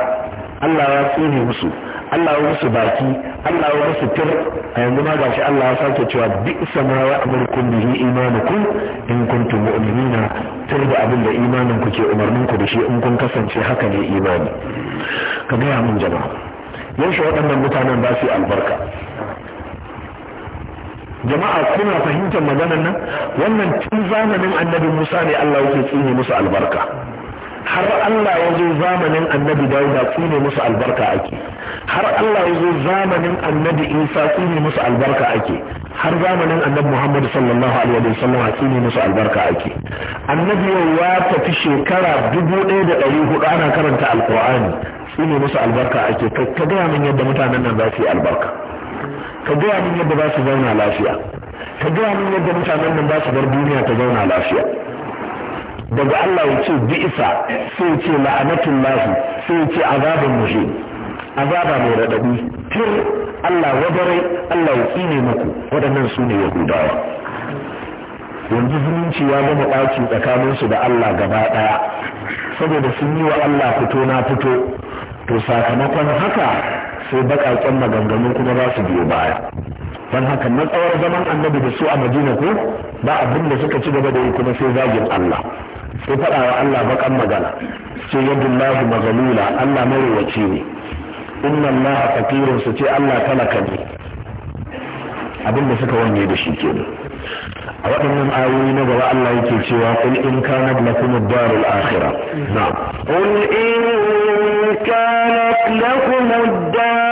Allah ya tsine musu Allah ya musu baki Allah ya musu tir a yanzu ma gashi Allah ya sake cewa bi sama wa amurkum bihi imanukum in kuntum mu'minina tir da abin da imanin ku ke umarnin ku da shi in kun kasance haka ne imani ka gaya mun jama'a yaushe waɗannan mutanen ba su albarka jama'a kuna fahimtar maganar nan wannan tun zamanin annabi musa ne allah yake tsine musu albarka har allah ya zo zamanin annabi dawuda tsine musu albarka ake har allah ya zo zamanin annabi isa tsine musu albarka ake har zamanin annabi Muhammad sallallahu alaihi wa sallam hakimi musu albarka ake annabi ya tafi shekara dubu ɗaya da ɗari hudu ana karanta alqur'ani shine musu albarka ake ka gaya min yadda mutanen nan za su yi albarka ka gaya min yadda za su zauna lafiya ka gaya min yadda mutanen nan za su bar duniya ta zauna lafiya daga Allah ya ce bi'isa sai ya ce la'anatullahi sai ya ce azabun muhim azaba mai raɗaɗi tir Allah wadarai Allah ya tsine muku waɗannan su ne yahudawa yanzu zumunci ya zama tsakanin tsakaninsu da Allah gaba ɗaya saboda sun yi wa Allah fito na fito to sakamakon haka sai baƙaƙen maganganu kuma za su biyo baya don haka na tsawar zaman annabi da su a madina ko ba abin da suka ci gaba da yi kuma sai zagin Allah sai faɗa wa Allah baƙan magana sai yadda Allah magalula Allah wace ne inna Allah a fakirun su ce Allah talaka ne abin da suka wanne da shi ke a waɗannan ayoyi na gaba Allah yake cewa kul in kanat lakum ad-darul akhirah na'am kul in lakum ad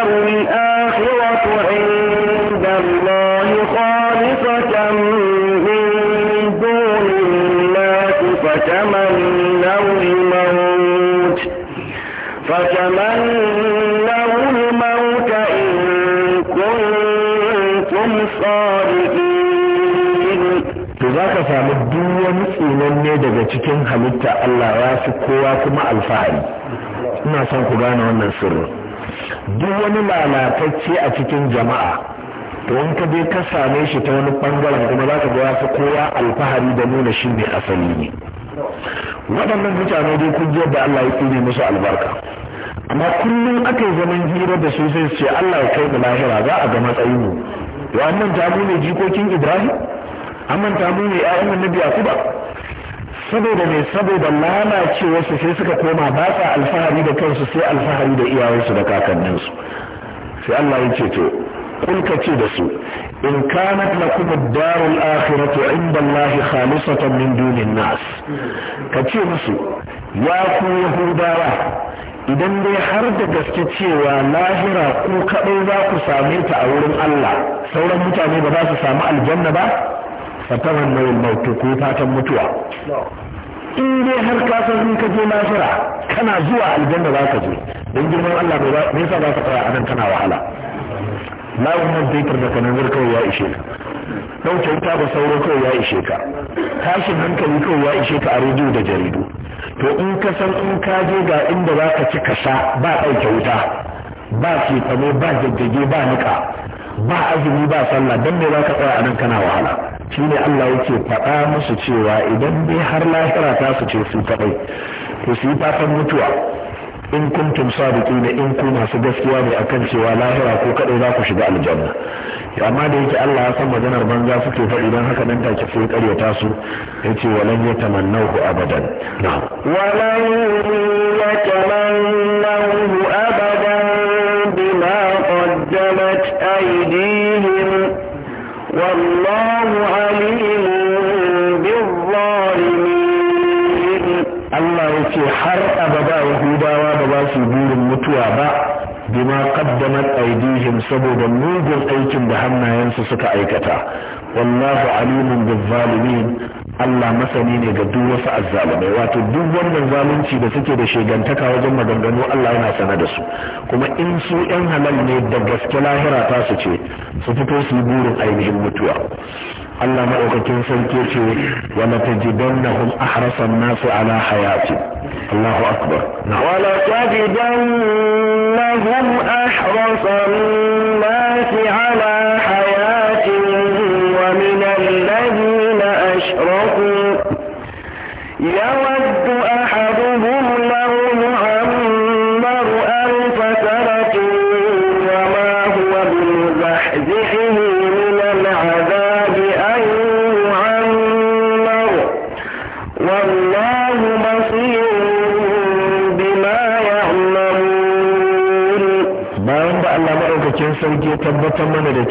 ne daga cikin halitta Allah ya fi kowa kuma alfahari ina son ku gane wannan sirrin. duk wani lalatacce a cikin jama'a to in ka je ka same shi ta wani bangaren kuma za ka ga ya fi kowa alfahari da nuna shi ne asali ne waɗannan mutane dai kun da Allah ya tsine musu albarka amma kullum aka yi zaman hira da su sai ce Allah ya kai mu lahira za a ga matsayin mu wannan ta mu ne jikokin Ibrahim an manta mu ne ƴaƴan annabi Yakuba saboda mai saboda lalacewarsu sai suka koma ba sa alfahari da kansu sai alfahari da iyayensu da kakanninsu sai Allah ya ce to kun ka ce da su in kanat lakum ad-darul akhiratu inda Allah khalisatan min dunin nas ka ce musu ya ku yahudawa idan dai har da gaske cewa lahira ku kaɗai za ku same ta a wurin Allah sauran mutane ba za su samu aljanna ba fataman nauyin mautu ko fatan mutuwa in dai har ka san in ka je lafira kana zuwa aljanna za ka je don girman Allah me yasa za ka tsaya anan kana wahala lawun man zaitar da kanan zar kawai ya ishe ka dauke ta ba sauro kawai ya ishe ka tashin hankali kawai ya ishe ka a rediyo da jaridu to in ka san in ka je ga inda za ka ci ka sha ba ɗauke wuta ba kefane ba jajjage ba niƙa ba azumi ba sallah don me za ka tsaya anan kana wahala shine Allah yake faɗa musu cewa idan dai har lahira ta su ce su kaɗai to su yi fatan mutuwa in kuntum sadiqina in ku masu gaskiya ne akan cewa lahira ko kaɗai za ku shiga aljanna amma da yake Allah ya san maganar banza suke faɗi don haka nan take sai ta su yace walan yatamannahu abadan na'am walan yatamannahu fi burin mutuwa ba bima qaddamat aydihim saboda mugun aikin da hannayensu suka aikata wallahu alimun bizzalimin Allah masani ne ga duk wasu azzalumai wato duk wannan zalunci da suke da shegantaka wajen maganganu Allah yana sana da su kuma in su yan halal ne da gaske lahira ta su ce su fito su burin ainihin mutuwa الله مؤكدين سنكيتي ولتجدنهم احرص الناس على حياتي الله اكبر نعم. ولتجدنهم احرص الناس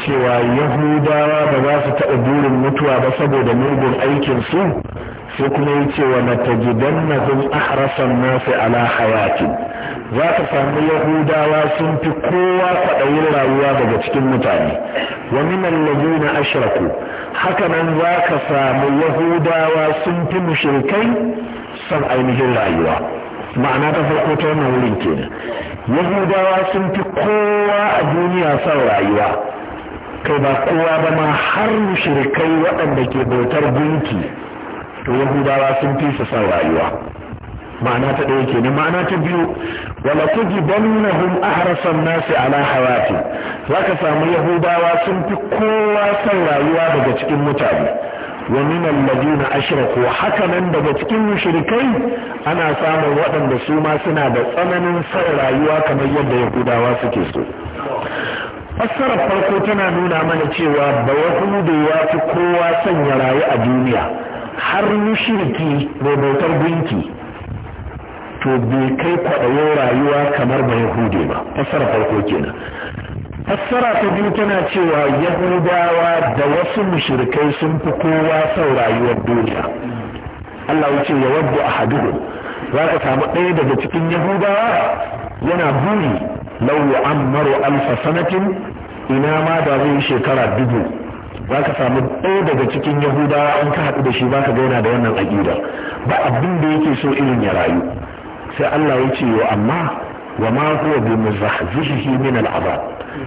cewa yahudawa ba za su taɓa burin mutuwa ba saboda mugun su sai kuma ya ce wa latajidannahum ahrasan nasi ala hayati za ka samu yahudawa sun fi kowa kwaɗayin rayuwa daga cikin mutane wani min na ashraku haka nan za ka samu yahudawa sun fi mushrikai son ainihin rayuwa ma'ana ta farko ta wannan wurin kenan yahudawa sun fi kowa a duniya son rayuwa kai ba kowa ba ma har mushrikai waɗanda ke bautar gunki to yahudawa sun fi su san rayuwa ma'ana ta ɗaya kenan ma'ana ta biyu wala tujidannahum ahrasan nasi ala hawati zaka samu yahudawa sun fi kowa san rayuwa daga cikin mutane wa min alladhina ashraku haka nan daga cikin mushrikai ana samun waɗanda su ma suna da tsananin san rayuwa kamar yadda yahudawa suke so fassarar farko tana nuna mana cewa ba da ya fi kowa sanya rayu a duniya har mushriki mai bautar gunki to bai kai kwaɗayin rayuwa kamar ba yahude ba fassarar farko kenan fassara ta biyu tana cewa yahudawa da wasu mushrikai sun fi kowa son rayuwar duniya Allah ya ce ya wadda a haduhu za ka samu ɗaya daga cikin yahudawa yana buri lau yu'ammaru alfa sanatin ina ma da zai shekara dubu za ka samu ɗaya daga cikin Yahuda an ka haɗu da shi za ka gaina da wannan aƙida ba abin da yake so irin ya rayu sai allah ya ce yo amma wa ma huwa bi muzahzihi min al'azab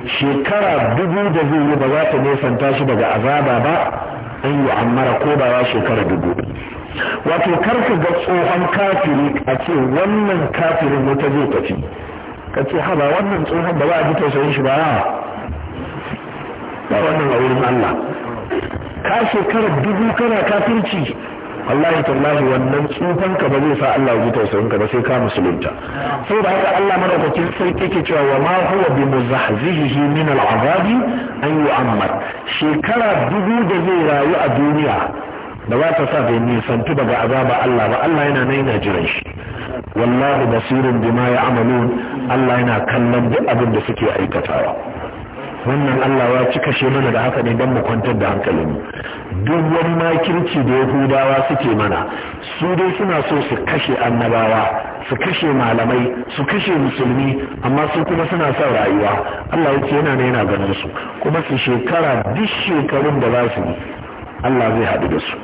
shekara dubu da zai yi ba za ta nesanta shi daga azaba ba an yi ammara ko ba shekara dubu wato kar ka ga tsohon kafiri a ce wannan kafirin wata zai tafi ka ce haba wannan tsohon ba za a ji tausayin shi ba ba wannan a wurin Allah ka shekara dubu kana kafirci wallahi tallahi wannan tsufan ka ba zai sa Allah ya ji tausayin ka ba sai ka musulunta saboda haka Allah madaukakin sarki ke cewa wa ma huwa bi muzahzihi min al'azabi an yu'ammar shekara dubu da zai rayu a duniya da ba ta sa bai nisantu daga azaba Allah ba Allah yana nan yana jiran shi wallahu basirin bima amalu Allah yana kallon duk abin da suke aikatawa wannan Allah ya ci kashe mana da haka ne don mu kwantar da mu. duk wani makirci da yahudawa suke mana su dai suna so su kashe annabawa su kashe malamai su kashe musulmi amma su kuma suna son rayuwa Allah ya ce yana ne yana ganin su kuma su shekara duk shekarun da za su yi Allah zai haɗu da su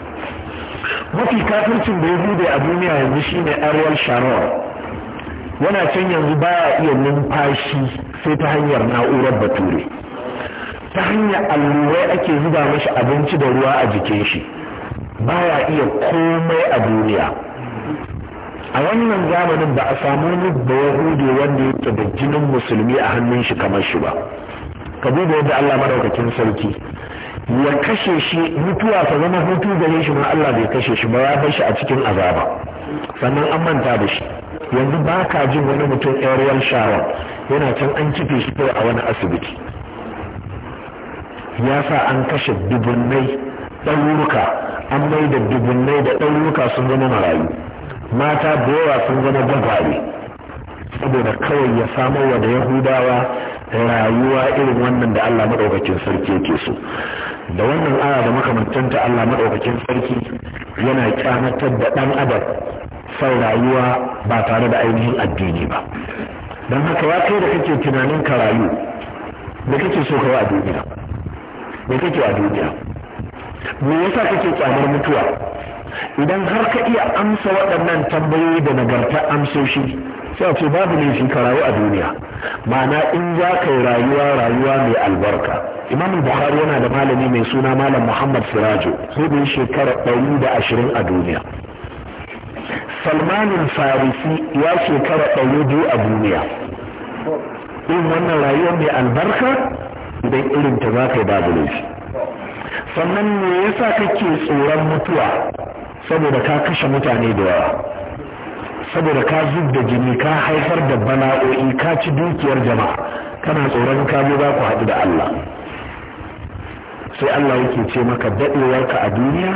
mafi kafircin da ya bude a duniya yanzu shine ariel sharon yana can yanzu ba baya iya numfashi sai ta hanyar na'urar bature ta hanyar allurai ake zuba mashi abinci da ruwa a jikin shi Ba ya iya komai a duniya a wannan zamanin ba a samu wani da hudu wanda yake da jinin musulmi a hannun shi kamar shi ba ka duba yadda allah madaukakin sarki ya kashe shi mutuwa ta zama hutu gare shi ma Allah bai kashe shi ba ya bar shi a cikin azaba sannan an manta da shi yanzu ba ka jin wani mutum aerial shower yana can an kife shi a wani asibiti ya sa an kashe dubunnai ɗauruka an mai da dubunnai da ɗauruka sun zama marayu mata da yawa sun zama dabare, saboda kawai ya samar wa da yahudawa rayuwa irin wannan da Allah madaukakin sarki yake so da wannan aya da makamantanta Allah madaukakin sarki yana kyamatar da ɗan adam sau rayuwa ba tare da ainihin addini ba don haka ya kai da kake tunanin ka da kake so kawai a duniya da kake a duniya me yasa kake tsamar mutuwa idan har ka iya amsa waɗannan tambayoyi da nagarta amsoshi sai ce babu ne shi ka rayu a duniya ma'ana in za ka yi rayuwa rayuwa mai albarka imam bukhari yana da malami mai suna malam muhammad sirajo sai da shekara ɗari da ashirin a duniya salmanin farisi ya shekara ɗari biyu a duniya in wannan rayuwa mai albarka idan irin ta za ka yi babu laifi sannan me yasa kake tsoron mutuwa saboda ka kashe mutane da yawa saboda ka zub da jini ka haifar da bala'o'i ka ci dukiyar jama'a kana tsoron ka zo za ku haɗu da Allah sai Allah yake ce maka daɗewarka a duniya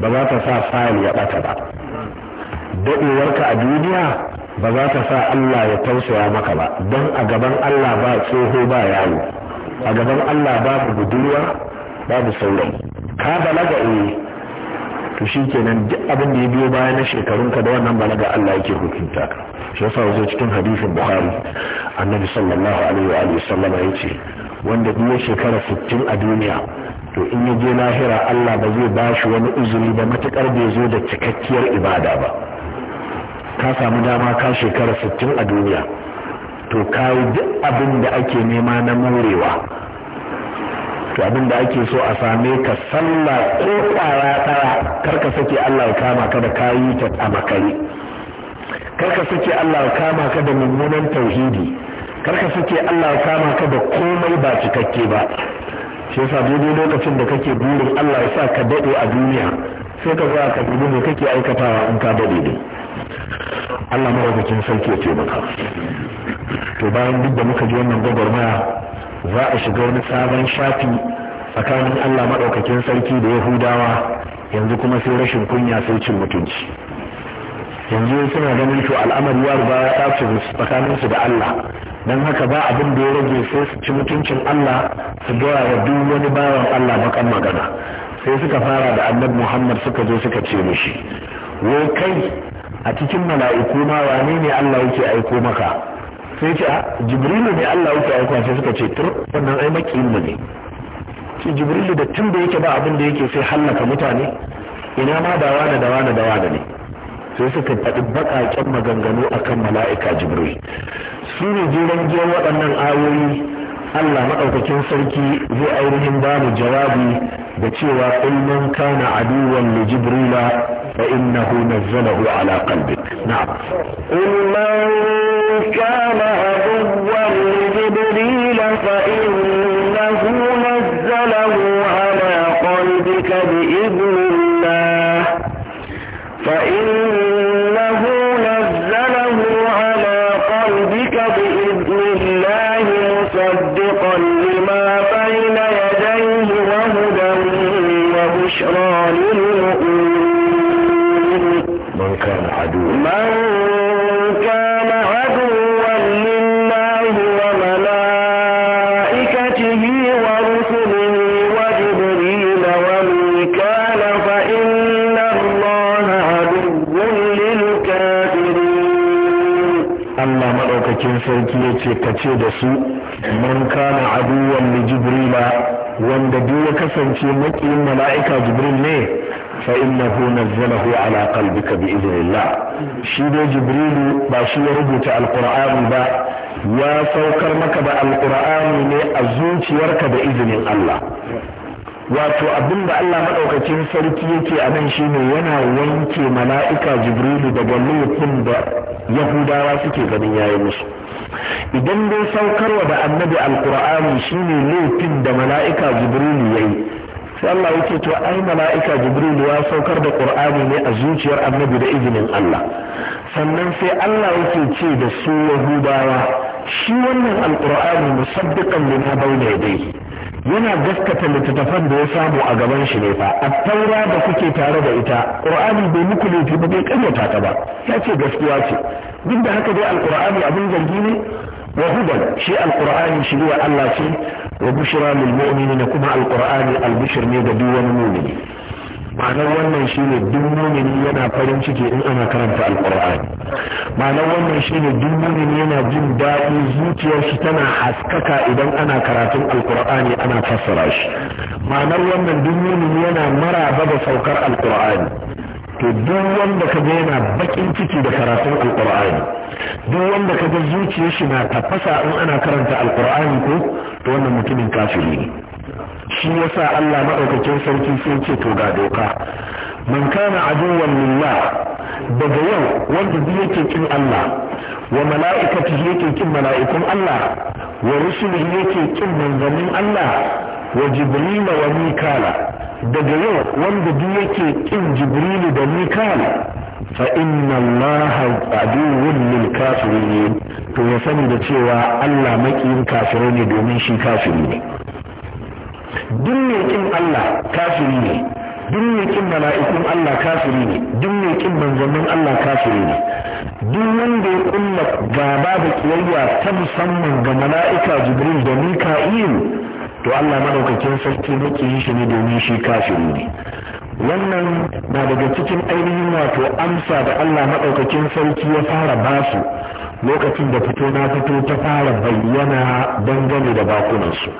ba za ta sa fayil ya ɓata ba daɗewarka a duniya ba za ta sa Allah ya tausaya maka ba don a gaban Allah ba tsoho ba yawo a gaban Allah babu budurwa babu saurayi ka balaga eh to shi kenan duk abin da ya biyo bayan na shekarun ka da wannan balaga Allah yake hukunta ka shi yasa wazo cikin hadisin Buhari. annabi sallallahu alaihi wa sallama yace wanda duk shekara 60 a duniya to in ya je lahira Allah ba zai bashi wani uzuri ba matukar bai zo da cikakkiyar ibada ba ka samu dama ka shekara 60 a duniya to kai duk abin da ake nema na morewa to abin da ake so a same ka sallah ko kwara ɗaya kar ka sake Allah ya kama ka da kayi ta a makare kar ka sake Allah ya kama ka da mummunan tauhidi kar ka sake Allah ya kama ka da komai ba cikakke ba shi yasa daidai lokacin da kake burin Allah ya sa ka daɗe a duniya sai ka zo ka dubi me kake aikatawa in ka daɗe dai Allah maraukakin sarki ya ce maka to bayan duk da muka ji wannan gwagwarmaya za a shiga wani sabon shafi tsakanin Allah maɗaukakin sarki da Yahudawa yanzu kuma sai rashin kunya sai cin mutunci yanzu suna ganin to al'amari ya riga ya tsakanin tsakaninsu da Allah don haka ba abin da ya rage sai su ci mutuncin Allah su gaya wa duk wani bawan Allah bakan magana sai suka fara da annabi Muhammad suka zo suka ce mishi wai kai a cikin mala'iku ma wane ne Allah yake aiko maka sai ce a jibrilu ne Allah yake ya kwanci suka ce tur wannan ai makiyin ne ce jibrilu da tun da yake ba abin da yake sai hallaka mutane ina ma da wani da wani da wani ne sai suka faɗi baƙaƙen maganganu akan mala'ika jibril su ne jiran jiran waɗannan ayoyi Allah maɗaukakin sarki zai ainihin ba mu jawabi da cewa ilmin kana aduwan li jibrila fa innahu nazzalahu ala qalbik na'am كان عدوا ce da su man kana aduwan li jibrila wanda duk ya kasance maƙiyin mala'ika jibril ne fa innahu nazzalahu ala qalbika bi idhnillah shi dai jibrilu ba shi ya rubuta alqur'ani ba ya saukar maka da alqur'ani ne a zuciyarka da izinin Allah wato abin da Allah maɗaukacin sarki yake a nan shine yana wanke mala'ika jibrilu daga laifin da yahudawa suke ganin yayi musu idan dai saukarwa da annabi alkur'ani shine laifin da mala'ika jibrilu ya yi sai Allah yake to ai mala'ika jibrilu ya saukar da qur'ani ne a zuciyar annabi da izinin Allah sannan sai Allah yake ce da su yahudawa shi wannan alkur'ani musaddiqan lima bayna yadayhi yana gaskata littattafan da ya samu a gaban shi ne fa a taura da kuke tare da ita qur'ani bai muku laifi ba bai karyata ta ba ya ce gaskiya ce duk da haka dai alkur'ani abin zargi ne وهدى شيء القرآن شيء الله شيء وبشرى للمؤمنين كما القرآن البشر ميدا دون مؤمن ma'anar wannan shi ne duk yana farin ciki in ana karanta alkur'ani ma'anar wannan shi ne duk yana jin daɗi zuciyar shi tana haskaka idan ana karatun alkur'ani ana fassara shi ma'anar wannan duk mumini yana maraba da saukar alkur'ani to duk wanda ka ga yana bakin ciki da karatun alkur'ani duk wanda ka ga zuciyar shi na tafasa in ana karanta alkur'ani ko to wannan mutumin kafiri ne shi yasa Allah madaukakin sarki sai ce to ga doka man kana aduwwan lillah daga yau wanda duk yake kin Allah wa mala'ikatihi yake kin mala'ikun Allah wa rusulihi yake kin manzannin Allah wa jibrila wa mikala daga yau wanda duk yake kin jibrilu da mikal fa inna allaha aduwwun lil kafirin to ya sani da cewa Allah makiyin kafiri ne domin shi kafiri ne duk mai kin Allah kafiri ne duk mai kin mala'ikun Allah kafiri ne duk mai kin manzannin Allah kafiri ne duk wanda ya kulla gaba da kiyayya ta musamman ga mala'ika jibril da mika'il to Allah madaukakin sarki muke yi shi ne domin shi kafiri ne wannan na daga cikin ainihin wato amsa da Allah madaukakin sarki ya fara basu lokacin da fito na fito ta fara bayyana dangane da su.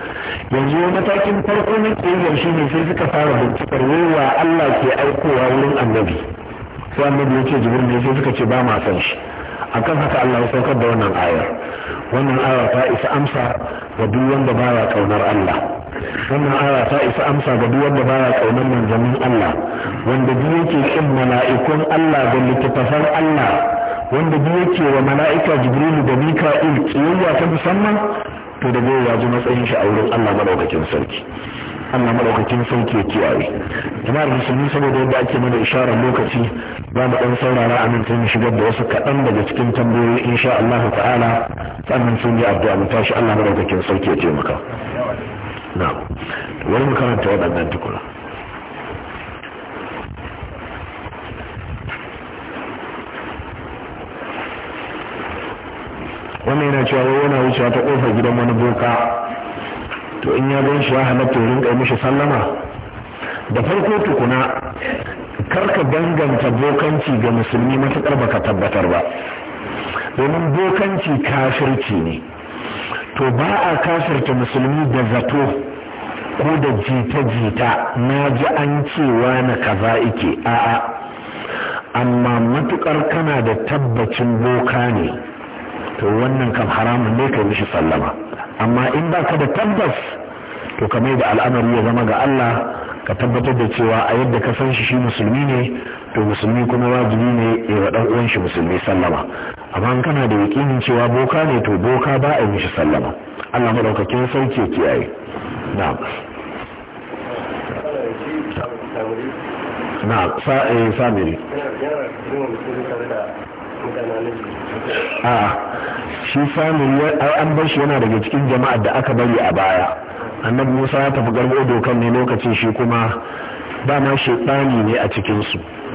yanzu matakin farko na ƙiyar shi ne sai suka fara bincikar yawa Allah ke aikowa wurin annabi sai annabi ya ce jibril ne sai suka ce ba ma san shi akan haka Allah ya saukar da wannan ayar wannan ayar ta isa amsa wa duk wanda baya kaunar Allah wannan aya ta isa amsa ga duk wanda baya kaunar manzannin Allah wanda duk yake kin mala'ikun Allah da littattafan Allah wanda duk yake wa mala'ika jibrilu da mika'il kiyayya ta musamman to da ya ji matsayin shi a wurin Allah madaukakin sarki Allah madaukakin sarki ya kiyaye jama'ar musulmi saboda yadda ake mana isharar lokaci za mu dan saurara a mu shigar da wasu kaɗan daga cikin tambayoyi insha Allah ta'ala sannan sun yi addu'a mu tashi Allah madaukakin sarki ya taimaka na'am wani mu karanta waɗannan tukuna wannan yana cewa wai yana wucewa ta kofar gidan wani boka to in ya gan shi ya halatta rinka yi mishi sallama da farko tukuna kar ka danganta bokanci ga musulmi matuƙar baka tabbatar ba domin bokanci kafirci ne to ba a kafirta musulmi da zato ko da jita-jita na ji an cewa na kaza ike a'a amma matukar kana da tabbacin boka ne to wannan kan haramun ne kai mishi sallama amma in ba ka da tabbas to ka mai da al'amari ya zama ga Allah ka tabbatar da cewa a yadda ka san shi shi musulmi ne to musulmi kuma wajibi ne ya wa dan uwan shi musulmi sallama amma in kana da yakinin cewa boka ne to boka ba a yi mishi sallama Allah madaukakin sauke kiyaye na'am Na sa eh samiri a shi samun an bar shi yana daga cikin jama'ar da aka bari a baya annabi musa ya tafi garbo dokan ne lokacin shi kuma dama shaidani ne a cikinsu